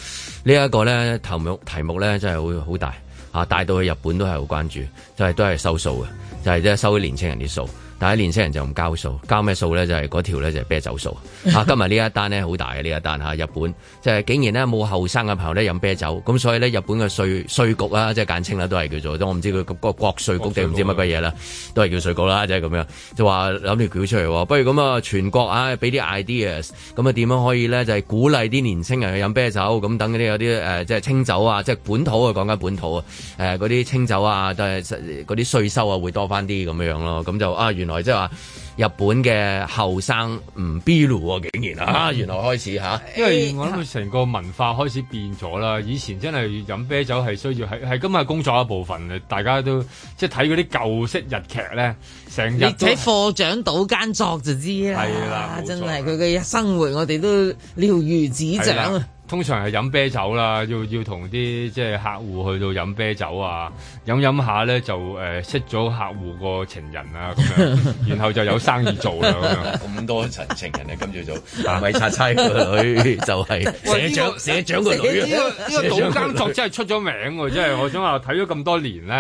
這個、呢一個咧題目題目咧真係會好大啊，帶到去日本都係好關注，就係、是、都係收數嘅，就係即係收起年青人啲數。但係年輕人就唔交數，交咩數咧？就係、是、嗰條咧就係啤酒數。啊，今日呢一單咧好大嘅呢一單嚇、啊，日本即係、就是、竟然咧冇後生嘅朋友咧飲啤酒，咁所以咧日本嘅稅稅局啦，即係簡稱啦，都係叫做，都我唔知佢個國稅局定唔知乜鬼嘢啦，都係叫稅局啦，就係、是、咁樣就話諗住撬出嚟喎。不如咁啊，全國啊俾啲 ideas，咁啊點樣可以咧就係、是、鼓勵啲年輕人去飲啤酒咁等嗰啲有啲誒、呃、即係清、呃、清酒啊，即係本土啊講緊本土啊誒嗰啲清酒啊都係嗰啲稅收啊會多翻啲咁樣樣咯，咁就啊原。原來即係話日本嘅後生唔 blue
喎，竟然嚇！啊、原來開始嚇，啊、因為我諗成個文化開始變咗啦。欸、以前真係飲啤酒係需要係係今日工作一部分，大家都即係睇嗰啲舊式日劇咧，成日睇課
長島耕作就知啦，係啦，真係佢嘅生活我哋都了如指掌。
通常係飲啤酒啦，要要同啲即係客戶去到飲啤酒啊，飲飲下咧就誒、呃、識咗客戶個情人啊咁樣， 然後就有生意做啦咁樣咁多陳情人你跟住就咪拆妻個女就係社長社長個女。呢個呢個島耕作真係出咗名喎，即係我想話睇咗咁多年咧，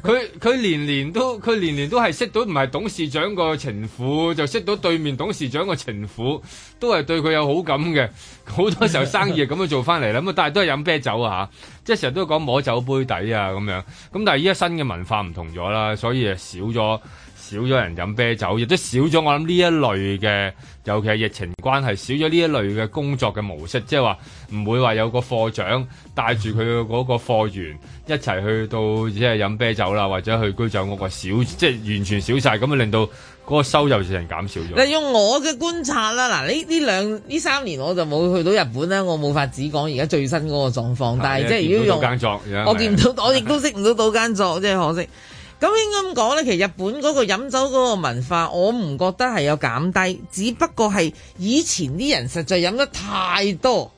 佢佢年年都佢年年都係識到唔係董事長個情婦就識到對面董事長個情婦都係對佢有好感嘅，好多時候生意咁啊做翻嚟啦，咁啊但係都係飲啤酒啊吓，即係成日都講摸酒杯底啊咁樣，咁但係依家新嘅文化唔同咗啦，所以啊少咗少咗人飲啤酒，亦都 少咗我諗呢一類嘅，尤其係疫情關係少咗呢一類嘅工作嘅模式，即係話唔會話有個課長帶住佢嗰個課員一齊去到即係飲啤酒啦，或者去居酒 屋，話少即係完全少晒。咁啊令到。stre Review famous 再見 providers 嗰個收入人減少咗。
嗱，用我嘅觀察啦，嗱，呢呢兩呢三年我就冇去到日本咧，我冇法子講而家最新嗰個狀況。但係即係如果用見這樣 我見唔到， 到，我亦都識唔到到間座，即係可惜。咁應該咁講咧，其實日本嗰個飲酒嗰個文化，我唔覺得係有減低，只不過係以前啲人實在飲得太多。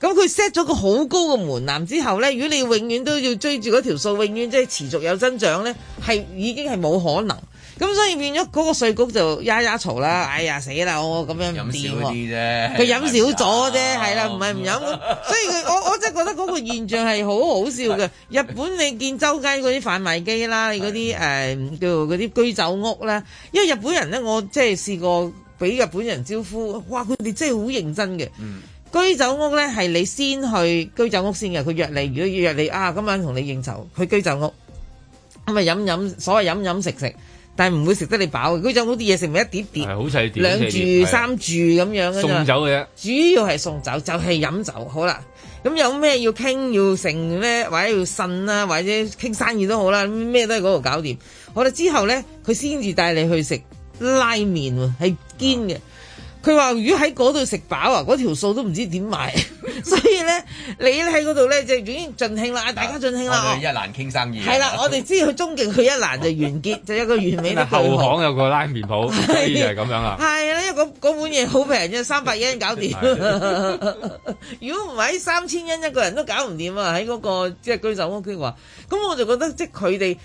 咁佢 set 咗個好高嘅門檻之後咧，如果你永遠都要追住嗰條數，永遠即係持續有增長咧，係已經係冇可能。咁、嗯、所以變咗嗰個稅局就呀呀嘈啦！哎呀死啦！我咁樣、啊、唔掂喎？佢飲少咗啫，係啦、哎呀，唔係唔飲。 所以我我真係覺得嗰個現象係好好笑嘅。 日本你見周街嗰啲販賣機啦，嗰啲誒叫嗰啲居酒屋啦，因為日本人咧，我即係試過俾日本人招呼，哇！佢哋真係好認真嘅。嗯、居酒屋咧係你先去居酒屋先嘅，佢約你。如果約你啊，今晚同你應酬，去居酒屋咁咪飲飲，所謂飲飲食食，食。但係唔會食得你飽嘅，嗰種好啲嘢食咪一碟碟，嗯、兩住、三住咁樣，送酒嘅。主要係送酒，就係、是、飲酒好啦。咁有咩要傾要剩咩？或者要呻啦，或者傾生意都好啦，咩都喺嗰度搞掂。好啦，之後咧，佢先至帶你去食拉麪喎，係堅嘅。嗯佢話如果喺嗰度食飽啊，嗰條數都唔知點買， 所以咧你喺嗰度咧就已經盡興啦，大家盡興啦。啊、我一蘭傾生意。係啦，我哋知佢中勁佢一蘭就完結， 就一個完美。後行
有個拉麵鋪，先
係咁樣啊。係啊，因為嗰嗰碗嘢好平啫，三百一搞掂。 如果唔係三千蚊一個人都搞唔掂啊！喺嗰個即係居酒屋區話，咁我就覺得即係佢哋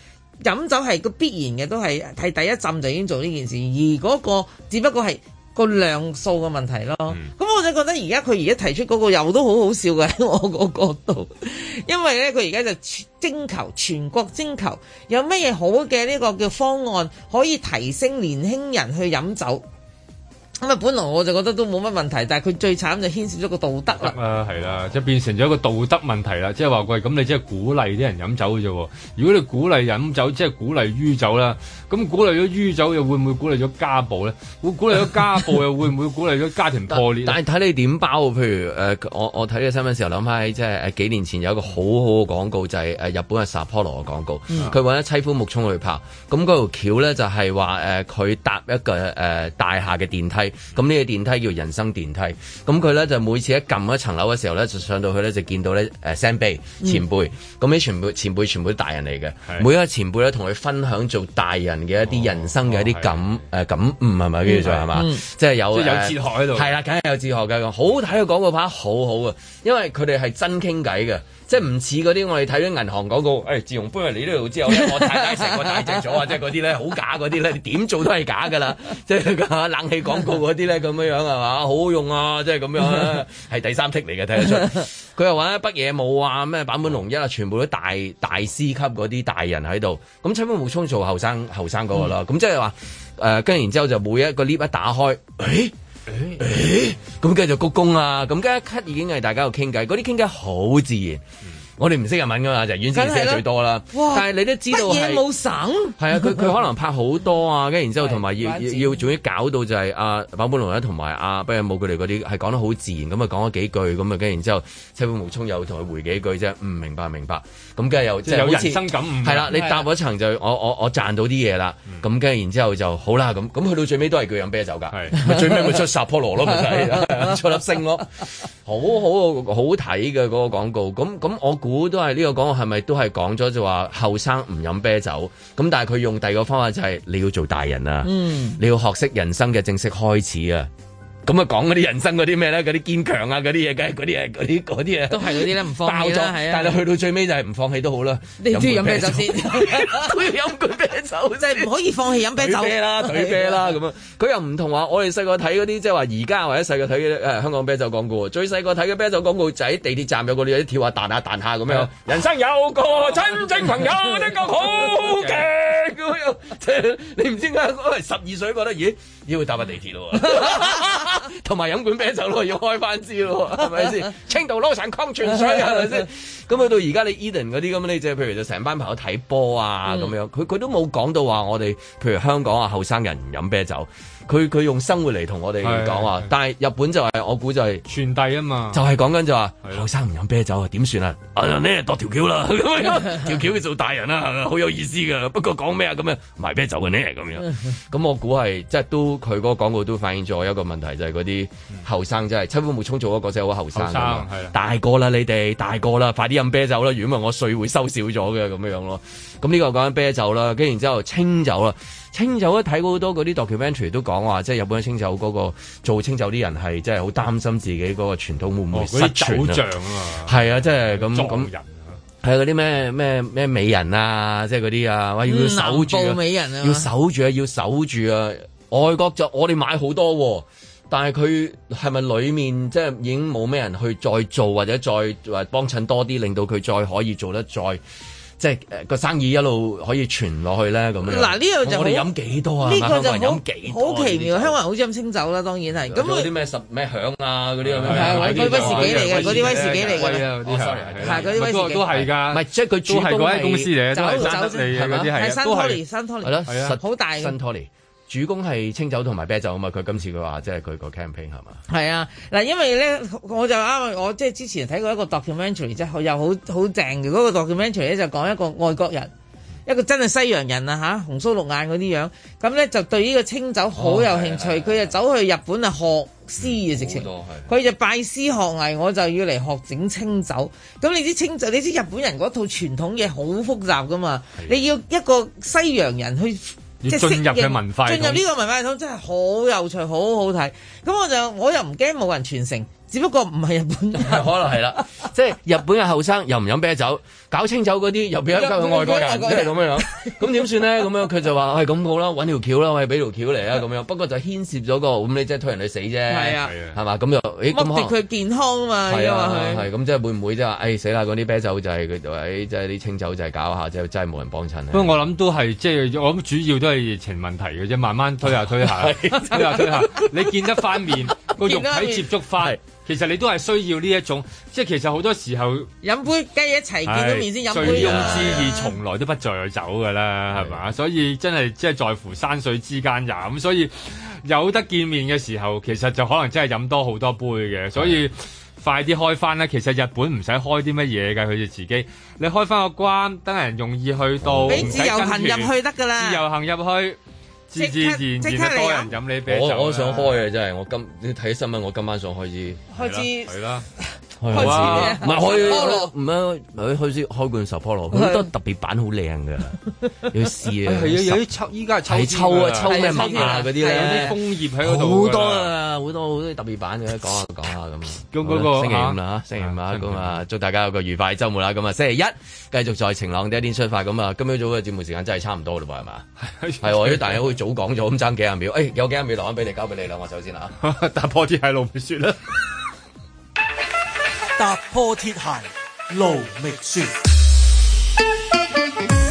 飲酒係個必然嘅，都係係第一浸就已經做呢件事，而嗰個只不過係。個量數嘅問題咯，咁、嗯、我就覺得而家佢而家提出嗰個又都好好笑嘅，喺我個角度， 因為呢，佢而家就徵求全國徵求有乜嘢好嘅呢個叫方案可以提升年輕人去飲酒。咁啊，本來我就覺得都冇乜問題，但係佢最慘就牽涉咗個道德啦。得
啦，係啦，即係變成咗一個道德問題啦。即係話佢咁，你即係鼓勵啲人飲酒啫喎。如果你鼓勵飲酒，即係鼓勵酗酒啦。咁鼓勵咗酗酒，又會唔會鼓勵咗家暴咧？會鼓勵咗家暴，又會唔會鼓勵咗家庭破裂？但係
睇你點包。譬如誒，我我睇呢個新聞時候諗翻起，即係誒幾年前有一個好好嘅廣告，就係誒日本嘅 Sapporo 嘅廣告。佢揾咗妻夫木聰去拍。咁嗰條橋咧就係話誒，佢搭一個誒大廈嘅電梯。咁呢、嗯嗯、個電梯叫人生電梯，咁佢咧就每次一撳一層樓嘅時候咧，就上到去咧就見到咧誒、呃，前輩、嗯、前輩，咁啲全部前輩全部都大人嚟嘅，嗯、每一個前輩咧同佢分享做大人嘅一啲人生嘅一啲感誒、哦哦、感悟係咪？跟住就係嘛，吧嗯、即係有即係有哲學喺度，係啦、啊，梗係有哲學嘅，好睇嘅廣告牌，好好啊，因為佢哋係真傾偈嘅。即係唔似嗰啲我哋睇咗銀行廣、那、告、個，誒、欸、自從搬嚟呢度之後咧，我睇大成個大隻咗啊！即係嗰啲咧，好假嗰啲咧，點做都係假㗎啦！即係冷氣廣告嗰啲咧，咁樣樣係嘛？好好用啊！即係咁樣呢，係第三剔嚟嘅睇得出。佢 又話北野武啊！咩坂本龍一啊，全部都大大師級嗰啲大人喺度。咁差唔多冇充做後生後生嗰個啦。咁即係話誒，跟、呃、然之後就每一個 lift 一打開。誒，咁繼續鞠躬啊！咁今一刻已經係大家喺度傾偈，嗰啲傾偈好自然。我哋唔識日文噶嘛，就遠視得最多啦。但係你都知道係冇省？係啊，佢佢可能拍好多啊，跟然之後同埋要要要總之搞到就係阿坂本龍一同埋阿北野武佢哋嗰啲係講得好自然咁啊、嗯，講咗幾句咁啊，跟、嗯、然之後妻夫木聰又同佢回幾句啫。唔明白明白。咁跟住又即係、就是、人生感悟。悟。係啦，你搭一層就我我我賺到啲嘢啦。咁跟住然之後，後就好啦。咁咁去到最尾都係佢飲啤酒㗎。啊、最尾咪出 Sapporo 咯，咪使出粒星咯。好好好睇嘅嗰個廣告。咁咁我。估都係呢、呢個講話係咪都係講咗就話後生唔飲啤酒咁，但係佢用第二個方法就係、係、你要做大人啦、啊，嗯、你要學識人生嘅正式開始啊！咁啊，講嗰啲人生嗰啲咩咧？嗰啲堅強啊，嗰啲嘢，梗嗰啲啊，啲啲啊，都係嗰啲咧，唔放棄了但係去到最尾就係唔放棄都好啦。你中意飲咩酒先？
都要飲佢啤酒，即係唔可以放棄飲啤酒啦！兌啤啦，咁
樣佢又唔同話，我哋細個睇嗰啲，即係話而家或者細個睇嘅香港啤酒廣告，最細個睇嘅啤酒廣告就喺地鐵站有個女仔跳下彈下彈下咁樣。的人生有個真正朋友的，的確好
勁，
你唔知解，啱係十二歲，覺得咦，要搭下地鐵咯。 同埋飲罐啤酒攞嚟要開番支咯，係咪先？青島攞層礦泉水係咪先？咁去 到而家你 Eden 嗰啲咁，你即、e、係譬如就成班朋友睇波啊咁樣，佢佢、嗯、都冇講到話我哋，譬如香港啊後生人唔飲啤酒。佢佢用生活嚟同我哋講啊，是是是但係日本就係、是、我估就係傳遞啊嘛，就係講緊就話後生唔飲啤酒啊，點算啊？啊，呢度條橋啦，條橋去做大人啦，好有意思噶。不過講咩啊咁樣買啤酒嘅呢咁樣，咁、嗯、我估係即係都佢嗰個廣告都反映咗一個問題，就係嗰啲後生真係，七分冇沖做嗰、那個真係好後生啊，大個啦你哋，大個啦，快啲飲啤酒啦，如果唔係我稅會收少咗嘅咁樣咯。咁呢個講緊啤酒啦，跟然之後，後清酒啦。清酒咧，睇好多嗰啲 documentary 都講話，即係日本清酒嗰、嗰個做清酒啲人係即係好擔心自己嗰個傳統會唔會失傳、哦、像啊？係啊，即係咁咁，係嗰啲咩咩咩美人啊，即係嗰啲啊，要，要守住、啊嗯、美人啊，住啊，要守住啊，要守住啊！外國就我哋買好多、啊，但係佢係咪裏面即係已經冇咩人去再做或者再話幫襯多啲，令到佢再可以做得再？即係誒個生意一路可以傳落去咧咁樣。嗱呢樣就我哋飲幾多啊？呢個就好好奇妙，香
港人好中意飲清酒啦，當然係。咁嗰啲
咩咩響啊嗰啲咁樣。係啲威士忌嚟
嘅，嗰啲威士忌嚟嘅。嗰
啲威士忌。都係㗎。唔係即係佢都係嗰間公司嚟嘅，就係嗰啲係嘛？都係新托尼，新托尼。係咯好大嘅新托尼。主攻係清酒同埋啤酒 aign，啊嘛，佢今次佢話即係佢個 campaign 係
嘛？係啊，嗱，因為咧，我就啱，我即係之前睇過一個 documentary，即係又好好正嘅嗰、那個 documentary 咧，就講一個外國人，嗯、一個真係西洋人啊嚇，紅鬚綠眼嗰啲樣，咁咧就對呢個清酒好有興趣，佢、哦、就走去日本啊學師啊直情，佢、嗯、就拜師學藝，我就要嚟學整清酒。咁你知清酒，你知日本人嗰套傳統嘢好複雜噶嘛？的你要一個西洋人去。即係進入嘅文化系統，進入呢個文化系統真係好有趣，好好睇。咁我就我又唔驚冇人傳承。只不過唔係日本，可能係啦，即係
日本嘅後生又唔飲啤酒，搞清酒嗰啲又變咗溝外國人，即係咁樣樣，咁點算咧？咁樣佢就話係咁好啦，搵條橋啦，我係俾條橋嚟啦，咁樣。不過就牽涉咗個，咁你即係推人哋死啫，係啊，係嘛？咁又誒咁，剝奪佢
健康啊嘛，係啊，係
咁即係會唔會即係誒死啦？嗰啲啤酒就係佢誒即係啲清酒就係搞下，即係真係冇人幫襯。不
過我諗都係即係我諗主要都係疫情問題嘅啫，慢慢推下推下，推下推下，你見得翻面個肉體接觸翻。其實你都係需要呢一種，即係其實好多時候
飲杯雞一齊見到面先飲唉杯啦、啊。醉翁之意
從來都不在酒噶啦，係嘛是的？所以真係即係在乎山水之間也。咁所以有得見面嘅時候，其實就可能真係飲多好多杯嘅。所以快啲開翻啦！其實日本唔使開啲乜嘢嘅，佢哋自己你開翻個關，等人容易去到。你、嗯、自由行入去得噶啦，自由行入去。自自知在然然、啊、多人飲你啤我我都想開嘅真係，我今你睇
新聞，我今晚想開支，開支係啦。 係啊，唔係開 Polo，唔啊，佢開始開罐手 Polo，好多特別版，好靚噶，要試啊！係啊，有啲抽，依家係抽啊，抽咩物料啊，嗰啲咧，好多啊，好多好多特別版嘅，講下講下咁。咁嗰個星期五啦，星期五啊，咁啊，祝大家有個愉快嘅周末啦。咁啊，星期一繼續再晴朗第一天出發。咁啊，今朝早嘅節目時間真係差唔多咯喎，係嘛？係，係喎，啲大家好似早講咗，咁爭幾廿秒？誒，有幾廿秒留翻俾你，交俾你啦，我首先啦，打破啲
係路梅雪啦。踏破鐵鞋路未絕。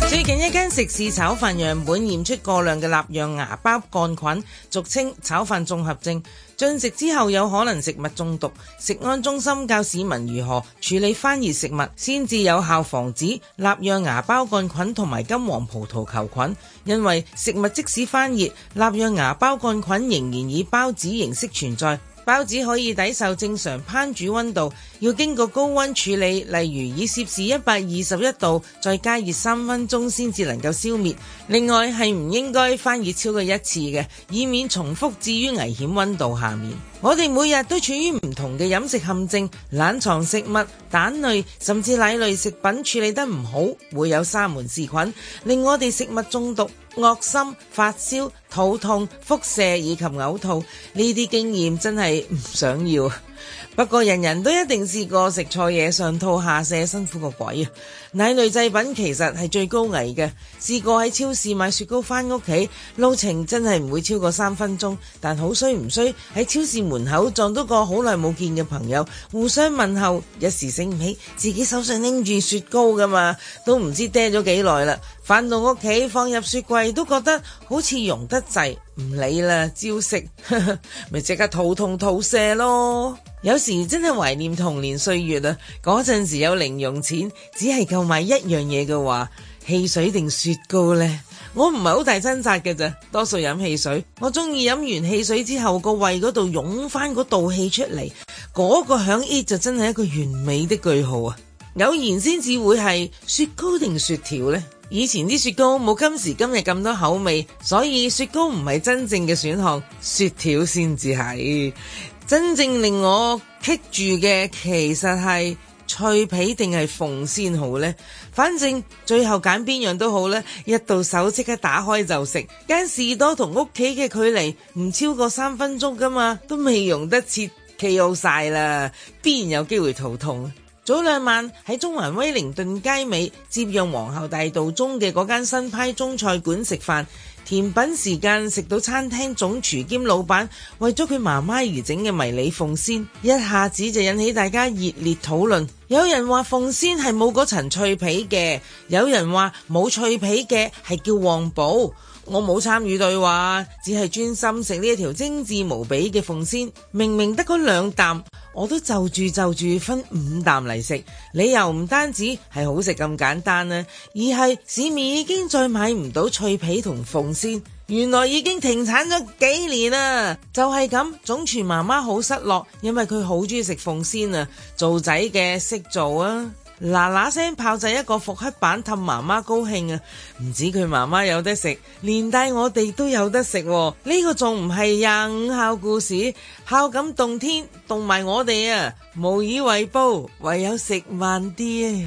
最近一間食肆炒飯樣本驗出過量嘅蠟樣芽孢桿菌，俗稱炒飯綜合症。進食之後有可能食物中毒。食安中心教市民如何處理翻熱食物，先至有效防止蠟樣芽孢桿菌同埋金黃葡萄球菌。因為食物即使翻熱，蠟樣芽孢桿菌仍然以孢子形式存在，孢子可以抵受正常烹煮温度。要經過高温處理，例如以攝氏一百二十一度，再加熱三分鐘先至能夠消滅。另外係唔應該翻熱超過一次嘅，以免重複置於危險溫度下面。我哋每日都處於唔同嘅飲食陷阱，冷藏食物、蛋類甚至奶類食品處理得唔好，會有沙門氏菌令我哋食物中毒、噁心、發燒、肚痛、腹瀉以及嘔吐。呢啲經驗真係唔想要。不過，人人都一定試過食錯嘢，上吐下瀉，辛苦個鬼啊！奶類製品其實係最高危嘅。試過喺超市買雪糕返屋企，路程真係唔會超過三分鐘，但好衰唔衰喺超市門口撞到個好耐冇見嘅朋友，互相問候，一時醒唔起自己手上拎住雪糕噶嘛，都唔知掟咗幾耐啦。返到屋企放入雪櫃都覺得好似融得滯，唔理啦，照食咪即刻肚痛肚瀉咯。有時真係懷念童年歲月啊！嗰陣時有零用錢，只係夠。同埋一樣嘢嘅話，汽水定雪糕呢？我唔係好大掙扎嘅咋，多數飲汽水。我中意飲完汽水之後胃、個胃嗰度湧翻嗰道氣出嚟，嗰個響 i 就真係一個完美的句號啊！偶然先至會係雪糕定雪條呢。以前啲雪糕冇今時今日咁多口味，所以雪糕唔係真正嘅選項，雪條先至係真正令我棘住嘅，其實係。脆皮定係鳳仙好呢？反正最後揀邊樣都好呢，一到手即刻打開就食。間士多同屋企嘅距離唔超過三分鐘噶嘛，都未用得切忌好晒啦，必然有機會肚痛。早兩晚喺中環威靈頓街尾接應皇后大道中嘅嗰間新派中菜館食飯。甜品時間食到餐廳總廚兼老闆為咗佢媽媽而整嘅迷你鳳仙，一下子就引起大家熱烈討論。有人話鳳仙係冇嗰層脆皮嘅，有人話冇脆皮嘅係叫旺寶。我冇參與對話，只係專心食呢一條精緻無比嘅鳳仙。明明得嗰兩啖，我都就住就住分五啖嚟食。理由唔單止係好食咁簡單啦，而係市面已經再買唔到脆皮同鳳仙，原來已經停產咗幾年啦。就係咁，總廚媽媽好失落，因為佢好中意食鳳仙啊。做仔嘅識做啊！嗱嗱聲炮製一個復刻版，氹媽媽高興啊！唔止佢媽媽有得食，連帶我哋都有得食。呢、這個仲唔係廿五孝故事？孝感動天，動埋我哋啊！無以為報，唯有食慢啲。